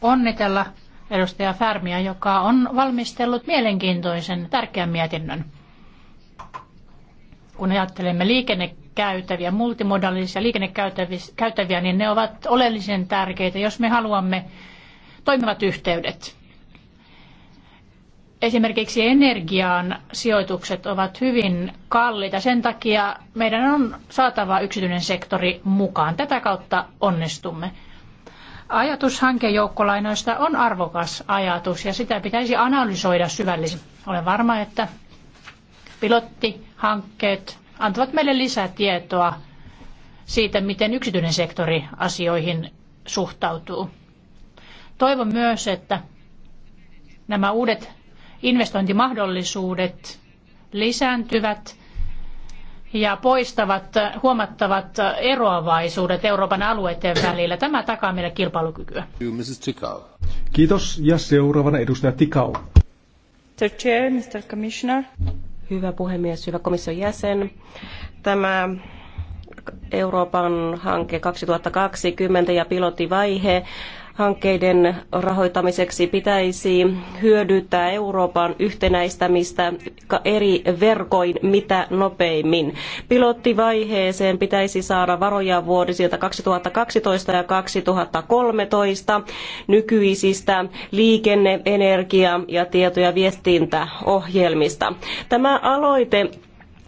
onnitella edustaja Färmiä, joka on valmistellut mielenkiintoisen tärkeän mietinnön. Kun ajattelemme liikennekäytäviä, multimodaalisia liikennekäytäviä, niin ne ovat oleellisen tärkeitä, jos me haluamme toimivat yhteydet. Esimerkiksi energiaan sijoitukset ovat hyvin kalliita. Sen takia meidän on saatava yksityinen sektori mukaan. Tätä kautta onnistumme. Ajatus hankejoukkolainoista on arvokas ajatus ja sitä pitäisi analysoida syvällisesti. Olen varma, että pilottihankkeet antavat meille lisää tietoa siitä, miten yksityinen sektori asioihin suhtautuu. Toivon myös, että nämä uudet investointimahdollisuudet lisääntyvät ja poistavat huomattavat eroavaisuudet Euroopan alueiden välillä. Tämä takaa meille kilpailukykyä. Kiitos ja seuraavana edustaja Tikau. Mr. Chair, Mr. Commissioner. Hyvä puhemies, hyvä komission jäsen. Tämä Euroopan hanke 2020 ja pilottivaihe hankkeiden rahoittamiseksi pitäisi hyödyntää Euroopan yhtenäistämistä eri verkoin mitä nopeimmin. Pilottivaiheeseen pitäisi saada varoja vuodisilta 2012 ja 2013 nykyisistä liikenne, energia ja tieto- ja viestintäohjelmista. Tämä aloite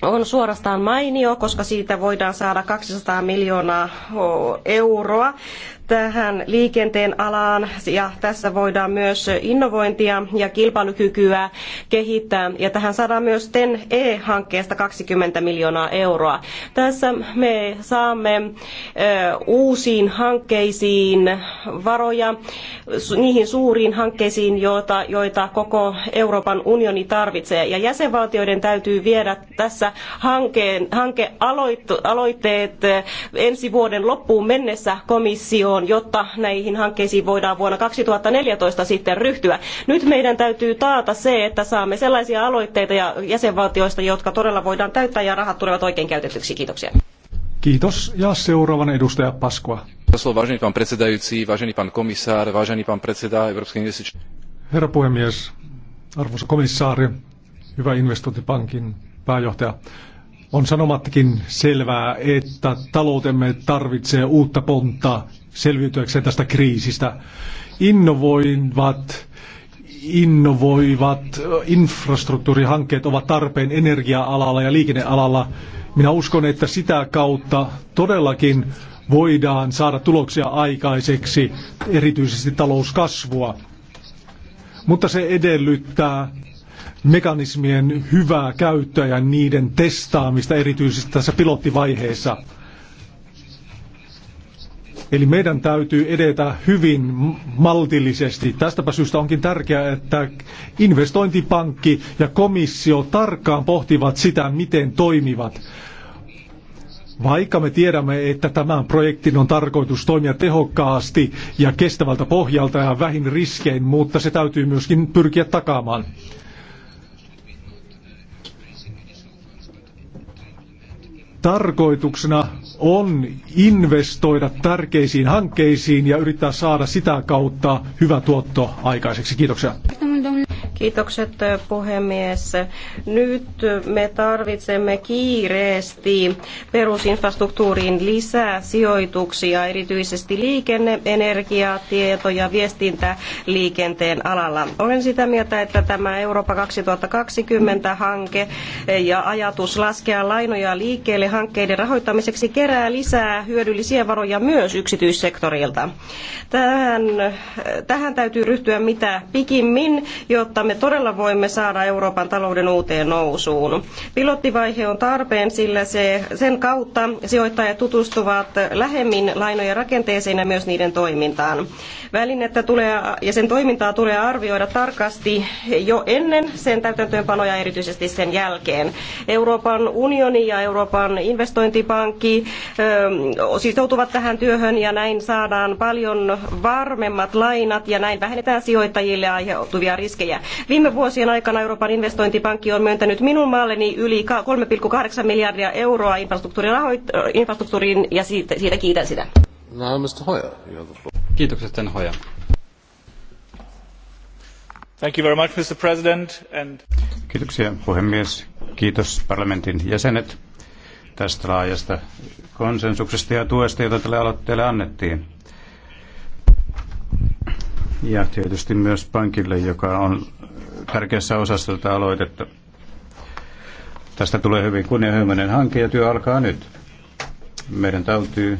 on suorastaan mainio, koska siitä voidaan saada 200 miljoonaa euroa tähän liikenteen alaan ja tässä voidaan myös innovointia ja kilpailukykyä kehittää ja tähän saadaan myös TEN E-hankkeesta 20 miljoonaa euroa. Tässä me saamme uusiin hankkeisiin varoja, niihin suuriin hankkeisiin, joita, joita koko Euroopan unioni tarvitsee ja jäsenvaltioiden täytyy viedä tässä hankkeen, hankealoitteet ensi vuoden loppuun mennessä komissioon kuntoon, jotta näihin hankkeisiin voidaan vuonna 2014 sitten ryhtyä. Nyt meidän täytyy taata se, että saamme sellaisia aloitteita ja jäsenvaltioista, jotka todella voidaan täyttää ja rahat tulevat oikein käytetyksi. Kiitoksia. Kiitos. Ja seuraavan edustaja Paskoa. Vážený pán predsedajúci, Herra puhemies, arvoisa komissaari, hyvä investointipankin pääjohtaja. On sanomattakin selvää, että taloutemme tarvitsee uutta pontta selviytyäkseen tästä kriisistä. Innovoivat, innovoivat infrastruktuurihankkeet ovat tarpeen energia-alalla ja liikennealalla. Minä uskon, että sitä kautta todellakin voidaan saada tuloksia aikaiseksi, erityisesti talouskasvua. Mutta se edellyttää mekanismien hyvää käyttöä ja niiden testaamista erityisesti tässä pilottivaiheessa. Eli meidän täytyy edetä hyvin maltillisesti. Tästäpä syystä onkin tärkeää, että investointipankki ja komissio tarkkaan pohtivat sitä, miten toimivat. Vaikka me tiedämme, että tämän projektin on tarkoitus toimia tehokkaasti ja kestävältä pohjalta ja vähin riskein, mutta se täytyy myöskin pyrkiä takaamaan. Tarkoituksena on investoida tärkeisiin hankkeisiin ja yrittää saada sitä kautta hyvä tuotto aikaiseksi. Kiitoksia. Kiitokset puhemies. Nyt me tarvitsemme kiireesti perusinfrastruktuuriin lisää sijoituksia, erityisesti liikenne, energia, tieto ja viestintä liikenteen alalla. Olen sitä mieltä, että tämä Eurooppa 2020-hanke ja ajatus laskea lainoja liikkeelle hankkeiden rahoittamiseksi kerää lisää hyödyllisiä varoja myös yksityissektorilta. Tähän, tähän täytyy ryhtyä mitä pikimmin, jotta me todella voimme saada Euroopan talouden uuteen nousuun. Pilottivaihe on tarpeen, sillä se, sen kautta sijoittajat tutustuvat lähemmin lainojen rakenteeseen ja myös niiden toimintaan. Välinettä tulee, ja sen toimintaa tulee arvioida tarkasti jo ennen sen täytäntöönpanoja erityisesti sen jälkeen. Euroopan unioni ja Euroopan investointipankki ähm, sitoutuvat tähän työhön ja näin saadaan paljon varmemmat lainat ja näin vähennetään sijoittajille aiheutuvia riskejä. Viime vuosien aikana Euroopan investointipankki on myöntänyt minun maalleni yli 3,8 miljardia euroa äh, infrastruktuuriin ja siitä, siitä kiitän sitä. Kiitokset, Thank you very much, Mr. President. And... Kiitoksia, puhemies. Kiitos parlamentin jäsenet tästä laajasta konsensuksesta ja tuesta, jota tälle aloitteelle annettiin. Ja tietysti myös pankille, joka on tärkeässä osassa tätä aloitetta. Tästä tulee hyvin kunnianhimoinen hanke ja työ alkaa nyt. Meidän täytyy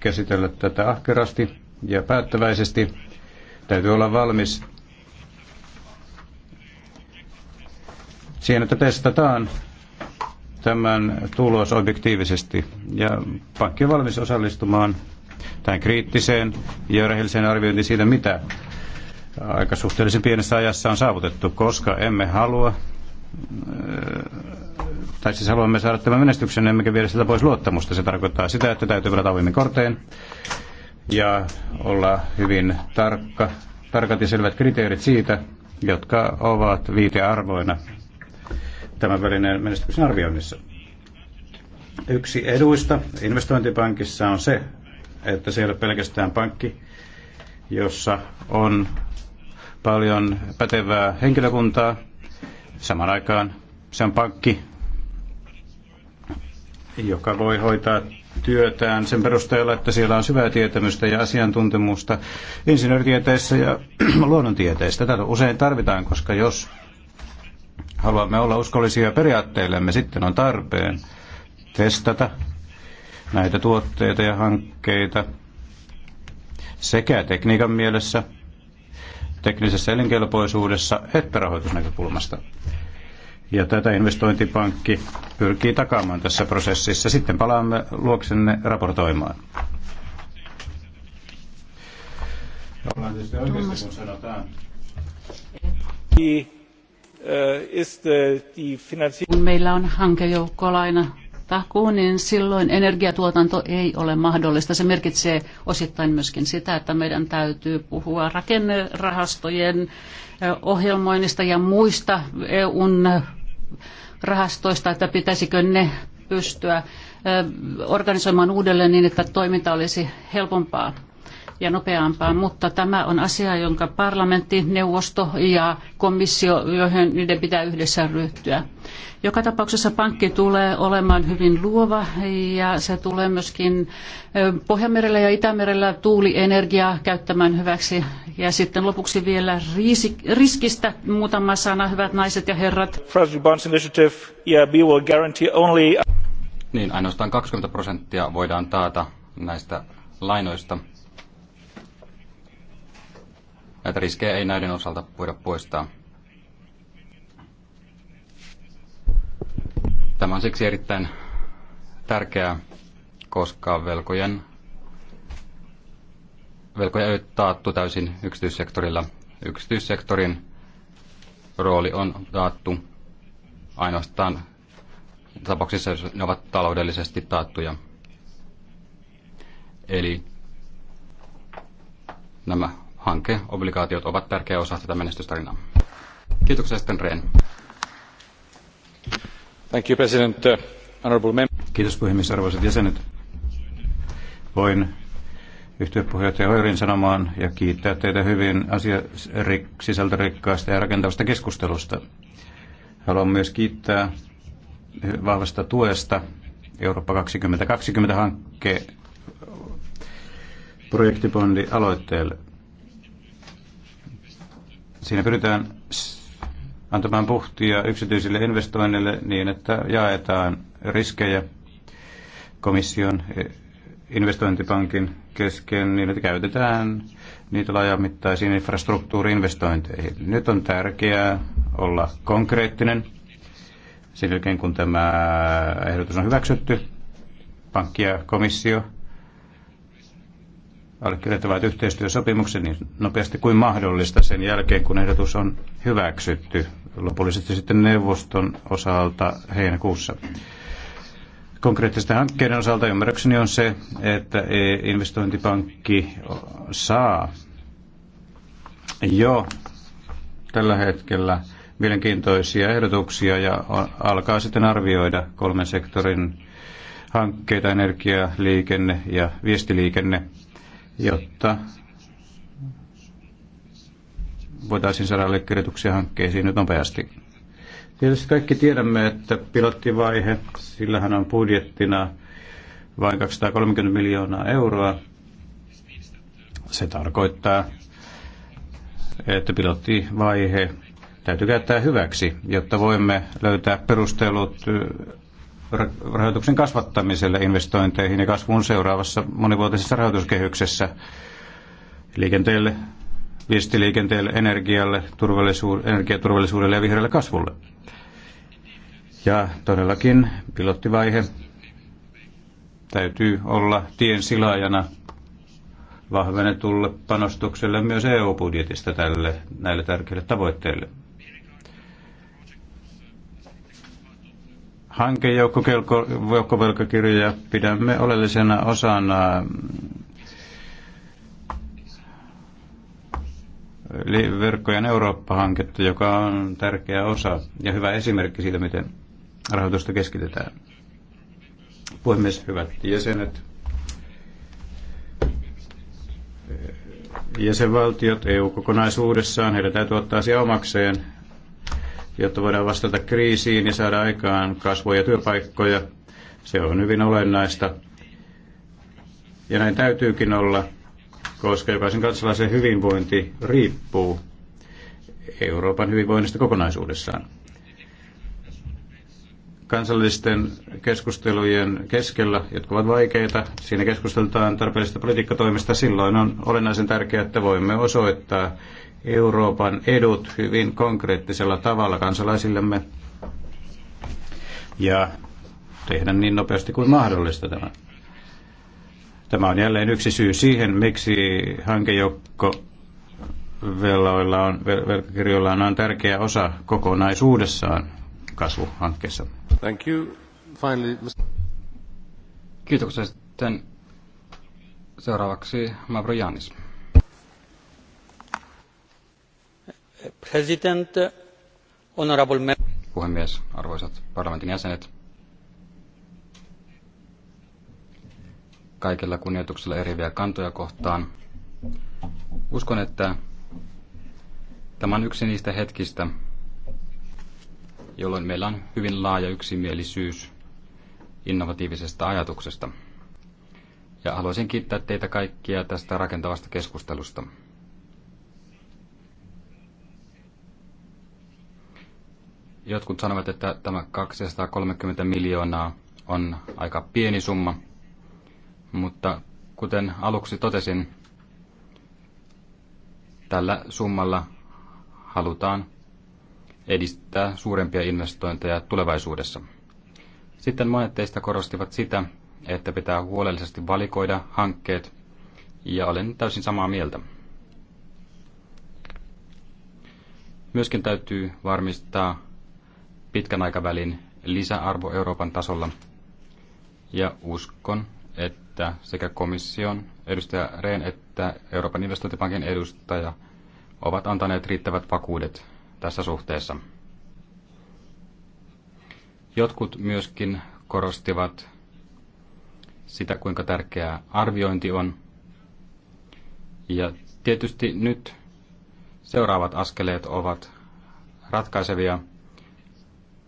käsitellä tätä ahkerasti ja päättäväisesti. Täytyy olla valmis siihen, että testataan tämän tulos objektiivisesti. Ja pankki on valmis osallistumaan tähän kriittiseen ja rehelliseen arviointiin siitä, mitä aika suhteellisen pienessä ajassa on saavutettu, koska emme halua, äh, tai siis haluamme saada tämän menestyksen, emmekä viedä sitä pois luottamusta. Se tarkoittaa sitä, että täytyy pelata avoimin korteen ja olla hyvin tarkka, tarkat ja selvät kriteerit siitä, jotka ovat viitearvoina tämän välineen menestyksen arvioinnissa. Yksi eduista investointipankissa on se, että se ei ole pelkästään pankki, jossa on paljon pätevää henkilökuntaa. Saman aikaan se on pankki, joka voi hoitaa työtään sen perusteella, että siellä on syvää tietämystä ja asiantuntemusta insinööritieteissä ja luonnontieteissä. Tätä usein tarvitaan, koska jos haluamme olla uskollisia periaatteillemme, sitten on tarpeen testata näitä tuotteita ja hankkeita sekä tekniikan mielessä, teknisessä elinkelpoisuudessa että rahoitusnäkökulmasta. Ja tätä investointipankki pyrkii takaamaan tässä prosessissa. Sitten palaamme luoksenne raportoimaan. Ollaan tietysti oikeasti, kun sanotaan. Äh, äh, Kun meillä on hankejoukkolaina takuu, niin silloin energiatuotanto ei ole mahdollista. Se merkitsee osittain myöskin sitä, että meidän täytyy puhua rakennerahastojen äh, ohjelmoinnista ja muista EUn rahastoista, että pitäisikö ne pystyä organisoimaan uudelleen niin, että toiminta olisi helpompaa ja nopeampaa, mutta tämä on asia, jonka parlamentti, neuvosto ja komissio, johon niiden pitää yhdessä ryhtyä. Joka tapauksessa pankki tulee olemaan hyvin luova ja se tulee myöskin Pohjanmerellä ja Itämerellä tuulienergiaa käyttämään hyväksi. Ja sitten lopuksi vielä riskistä muutama sana, hyvät naiset ja herrat. E niin, ainoastaan 20 prosenttia voidaan taata näistä lainoista Näitä riskejä ei näiden osalta voida poistaa. Tämä on siksi erittäin tärkeää, koska velkojen, velkoja ei taattu täysin yksityissektorilla. Yksityissektorin rooli on taattu ainoastaan tapauksissa, jos ne ovat taloudellisesti taattuja. Eli nämä hankeobligaatiot ovat tärkeä osa tätä menestystarinaa. Kiitoksia sitten Rehn. Thank you, President. Uh, honorable mem- Kiitos puhemies, arvoisat jäsenet. Voin yhtyä puheenjohtaja Hoirin sanomaan ja kiittää teitä hyvin asia sisältörikkaasta ja rakentavasta keskustelusta. Haluan myös kiittää vahvasta tuesta Eurooppa 2020 hankkeen projektibondi aloitteelle. Siinä pyritään antamaan puhtia yksityisille investoinneille niin, että jaetaan riskejä komission e, investointipankin kesken niin, että käytetään niitä laajamittaisiin infrastruktuuriinvestointeihin. Nyt on tärkeää olla konkreettinen sen jälkeen, kun tämä ehdotus on hyväksytty. Pankki ja komissio allekirjoittavat yhteistyösopimuksen niin nopeasti kuin mahdollista sen jälkeen, kun ehdotus on hyväksytty lopullisesti sitten neuvoston osalta heinäkuussa. Konkreettisten hankkeiden osalta ymmärrykseni on se, että investointipankki saa jo tällä hetkellä mielenkiintoisia ehdotuksia ja alkaa sitten arvioida kolmen sektorin hankkeita, energia, liikenne ja viestiliikenne – jotta voitaisiin saada allekirjoituksia hankkeisiin nyt nopeasti. Tietysti kaikki tiedämme, että pilottivaihe, sillähän on budjettina vain 230 miljoonaa euroa. Se tarkoittaa, että pilottivaihe täytyy käyttää hyväksi, jotta voimme löytää perustelut rahoituksen kasvattamiselle investointeihin ja kasvuun seuraavassa monivuotisessa rahoituskehyksessä liikenteelle, viestiliikenteelle, energialle, turvallisuud- energiaturvallisuudelle ja vihreälle kasvulle. Ja todellakin pilottivaihe täytyy olla tien silaajana vahvennetulle panostukselle myös EU-budjetista tälle, näille tärkeille tavoitteille. hankejoukkovelkakirjoja pidämme oleellisena osana verkkojen Eurooppa-hanketta, joka on tärkeä osa ja hyvä esimerkki siitä, miten rahoitusta keskitetään. Puhemies, hyvät jäsenet, jäsenvaltiot, EU kokonaisuudessaan, heidän täytyy ottaa asia omakseen jotta voidaan vastata kriisiin ja saada aikaan kasvua ja työpaikkoja. Se on hyvin olennaista. Ja näin täytyykin olla, koska jokaisen kansalaisen hyvinvointi riippuu Euroopan hyvinvoinnista kokonaisuudessaan. Kansallisten keskustelujen keskellä, jotka ovat vaikeita, siinä keskustellaan tarpeellisista politiikkatoimista. Silloin on olennaisen tärkeää, että voimme osoittaa Euroopan edut hyvin konkreettisella tavalla kansalaisillemme ja tehdä niin nopeasti kuin mahdollista tämä. Tämä on jälleen yksi syy siihen, miksi hankejoukko veloilla on, velkakirjoilla on tärkeä osa kokonaisuudessaan kasvuhankkeessa. Thank you. Finally, Mr. Kiitoksia sitten seuraavaksi Janis. Puhemies, arvoisat parlamentin jäsenet. Kaikella kunnioituksella eriviä kantoja kohtaan. Uskon, että tämä on yksi niistä hetkistä, jolloin meillä on hyvin laaja yksimielisyys innovatiivisesta ajatuksesta. Ja haluaisin kiittää teitä kaikkia tästä rakentavasta keskustelusta. Jotkut sanovat, että tämä 230 miljoonaa on aika pieni summa, mutta kuten aluksi totesin, tällä summalla halutaan edistää suurempia investointeja tulevaisuudessa. Sitten monet teistä korostivat sitä, että pitää huolellisesti valikoida hankkeet, ja olen täysin samaa mieltä. Myöskin täytyy varmistaa pitkän aikavälin lisäarvo Euroopan tasolla. Ja uskon, että sekä komission edustaja Rehn että Euroopan investointipankin edustaja ovat antaneet riittävät vakuudet tässä suhteessa. Jotkut myöskin korostivat sitä, kuinka tärkeää arviointi on. Ja tietysti nyt seuraavat askeleet ovat ratkaisevia –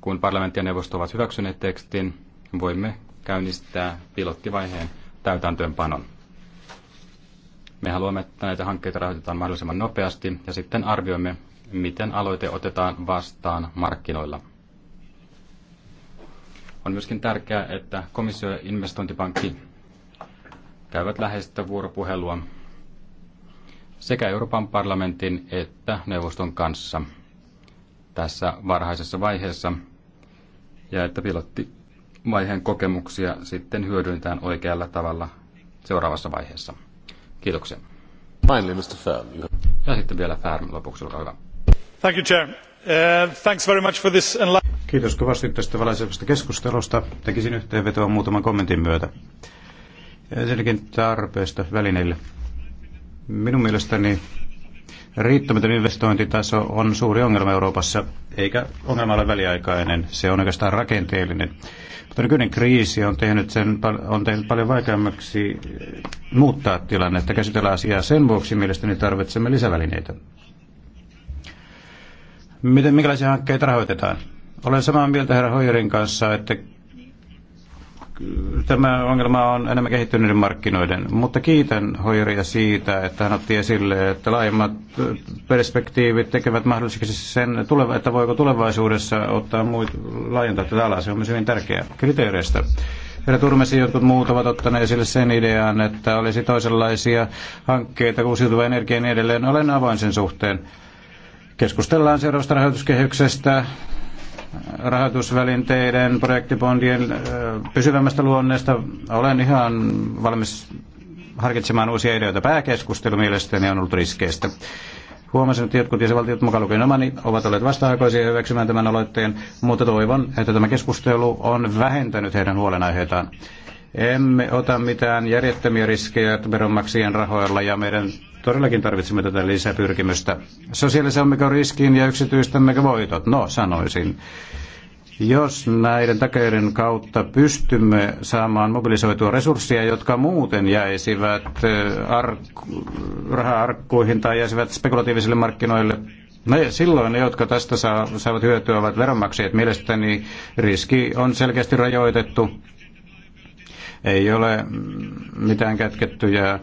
kun parlamentti ja neuvosto ovat hyväksyneet tekstin, voimme käynnistää pilottivaiheen täytäntöönpanon. Me haluamme, että näitä hankkeita rahoitetaan mahdollisimman nopeasti ja sitten arvioimme, miten aloite otetaan vastaan markkinoilla. On myöskin tärkeää, että komissio ja investointipankki käyvät läheistä vuoropuhelua sekä Euroopan parlamentin että neuvoston kanssa tässä varhaisessa vaiheessa – ja että pilottivaiheen kokemuksia sitten hyödynnetään oikealla tavalla seuraavassa vaiheessa. Kiitoksia. Finally, Mr. Ja sitten vielä Färm lopuksi, olkaa hyvä. Thank you, Chair. Uh, thanks very much for this Kiitos kovasti tästä valaisevasta keskustelusta. Tekisin yhteenvetoa muutaman kommentin myötä. Ensinnäkin tarpeesta välineille. Minun mielestäni Riittämätön investointitaso on suuri ongelma Euroopassa, eikä ongelma ole väliaikainen, se on oikeastaan rakenteellinen. Mutta nykyinen kriisi on tehnyt, sen, on tehnyt paljon vaikeammaksi muuttaa tilannetta, käsitellä asiaa. Sen vuoksi mielestäni tarvitsemme lisävälineitä. Miten, minkälaisia hankkeita rahoitetaan? Olen samaa mieltä herra Hoyerin kanssa, että tämä ongelma on enemmän kehittyneiden markkinoiden, mutta kiitän Hoiria siitä, että hän otti esille, että laajemmat perspektiivit tekevät mahdolliseksi sen, että voiko tulevaisuudessa ottaa muut, laajentaa tätä alaa. Se on myös hyvin tärkeä kriteereistä. Herra Turmesi, jotkut muut ovat ottaneet esille sen idean, että olisi toisenlaisia hankkeita, uusiutuva energia ja niin edelleen. Olen avoin sen suhteen. Keskustellaan seuraavasta rahoituskehyksestä rahoitusvälinteiden, projektibondien pysyvämmästä luonneesta. Olen ihan valmis harkitsemaan uusia ideoita. Pääkeskustelu mielestäni on ollut riskeistä. Huomasin, että jotkut jäsenvaltiot mukaan lukien omani ovat olleet vasta-aikoisia hyväksymään tämän aloitteen, mutta toivon, että tämä keskustelu on vähentänyt heidän huolenaiheitaan. Emme ota mitään järjettömiä riskejä veronmaksajien rahoilla ja meidän Todellakin tarvitsemme tätä lisäpyrkimystä. Sosiaalisemmekö riskiin ja yksityistämmekö voitot? No, sanoisin. Jos näiden takeiden kautta pystymme saamaan mobilisoitua resursseja, jotka muuten jäisivät eh, ark- raha-arkkuihin tai jäisivät spekulatiivisille markkinoille, No ja silloin ne, jotka tästä saa, saavat hyötyä, ovat veronmaksajat. Mielestäni riski on selkeästi rajoitettu. Ei ole mm, mitään kätkettyjä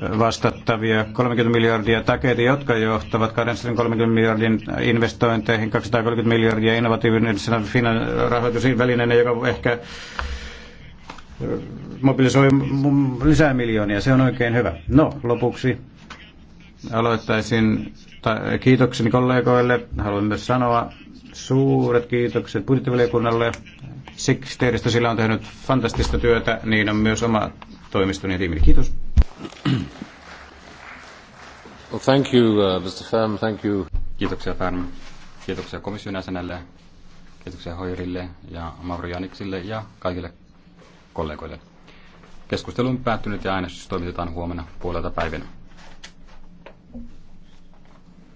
vastattavia 30 miljardia takeita, jotka johtavat 230 miljardin investointeihin, 230 miljardia innovatiivinen rahoitusvälineenä, joka ehkä äh, mobilisoi lisää miljoonia. Se on oikein hyvä. No, lopuksi aloittaisin kiitokseni kollegoille. Haluan myös sanoa suuret kiitokset budjettivaliokunnalle. Siksteeristä sillä on tehnyt fantastista työtä, niin on myös oma toimiston ja tiimille. Kiitos. Well, thank you, uh, Mr. Firm. Thank you. Kiitoksia Färm. Kiitoksia komission jäsenelle. Kiitoksia Hoirille ja Mauro Janiksille ja kaikille kollegoille. Keskustelu on päättynyt ja äänestys toimitetaan huomenna puolelta päivänä.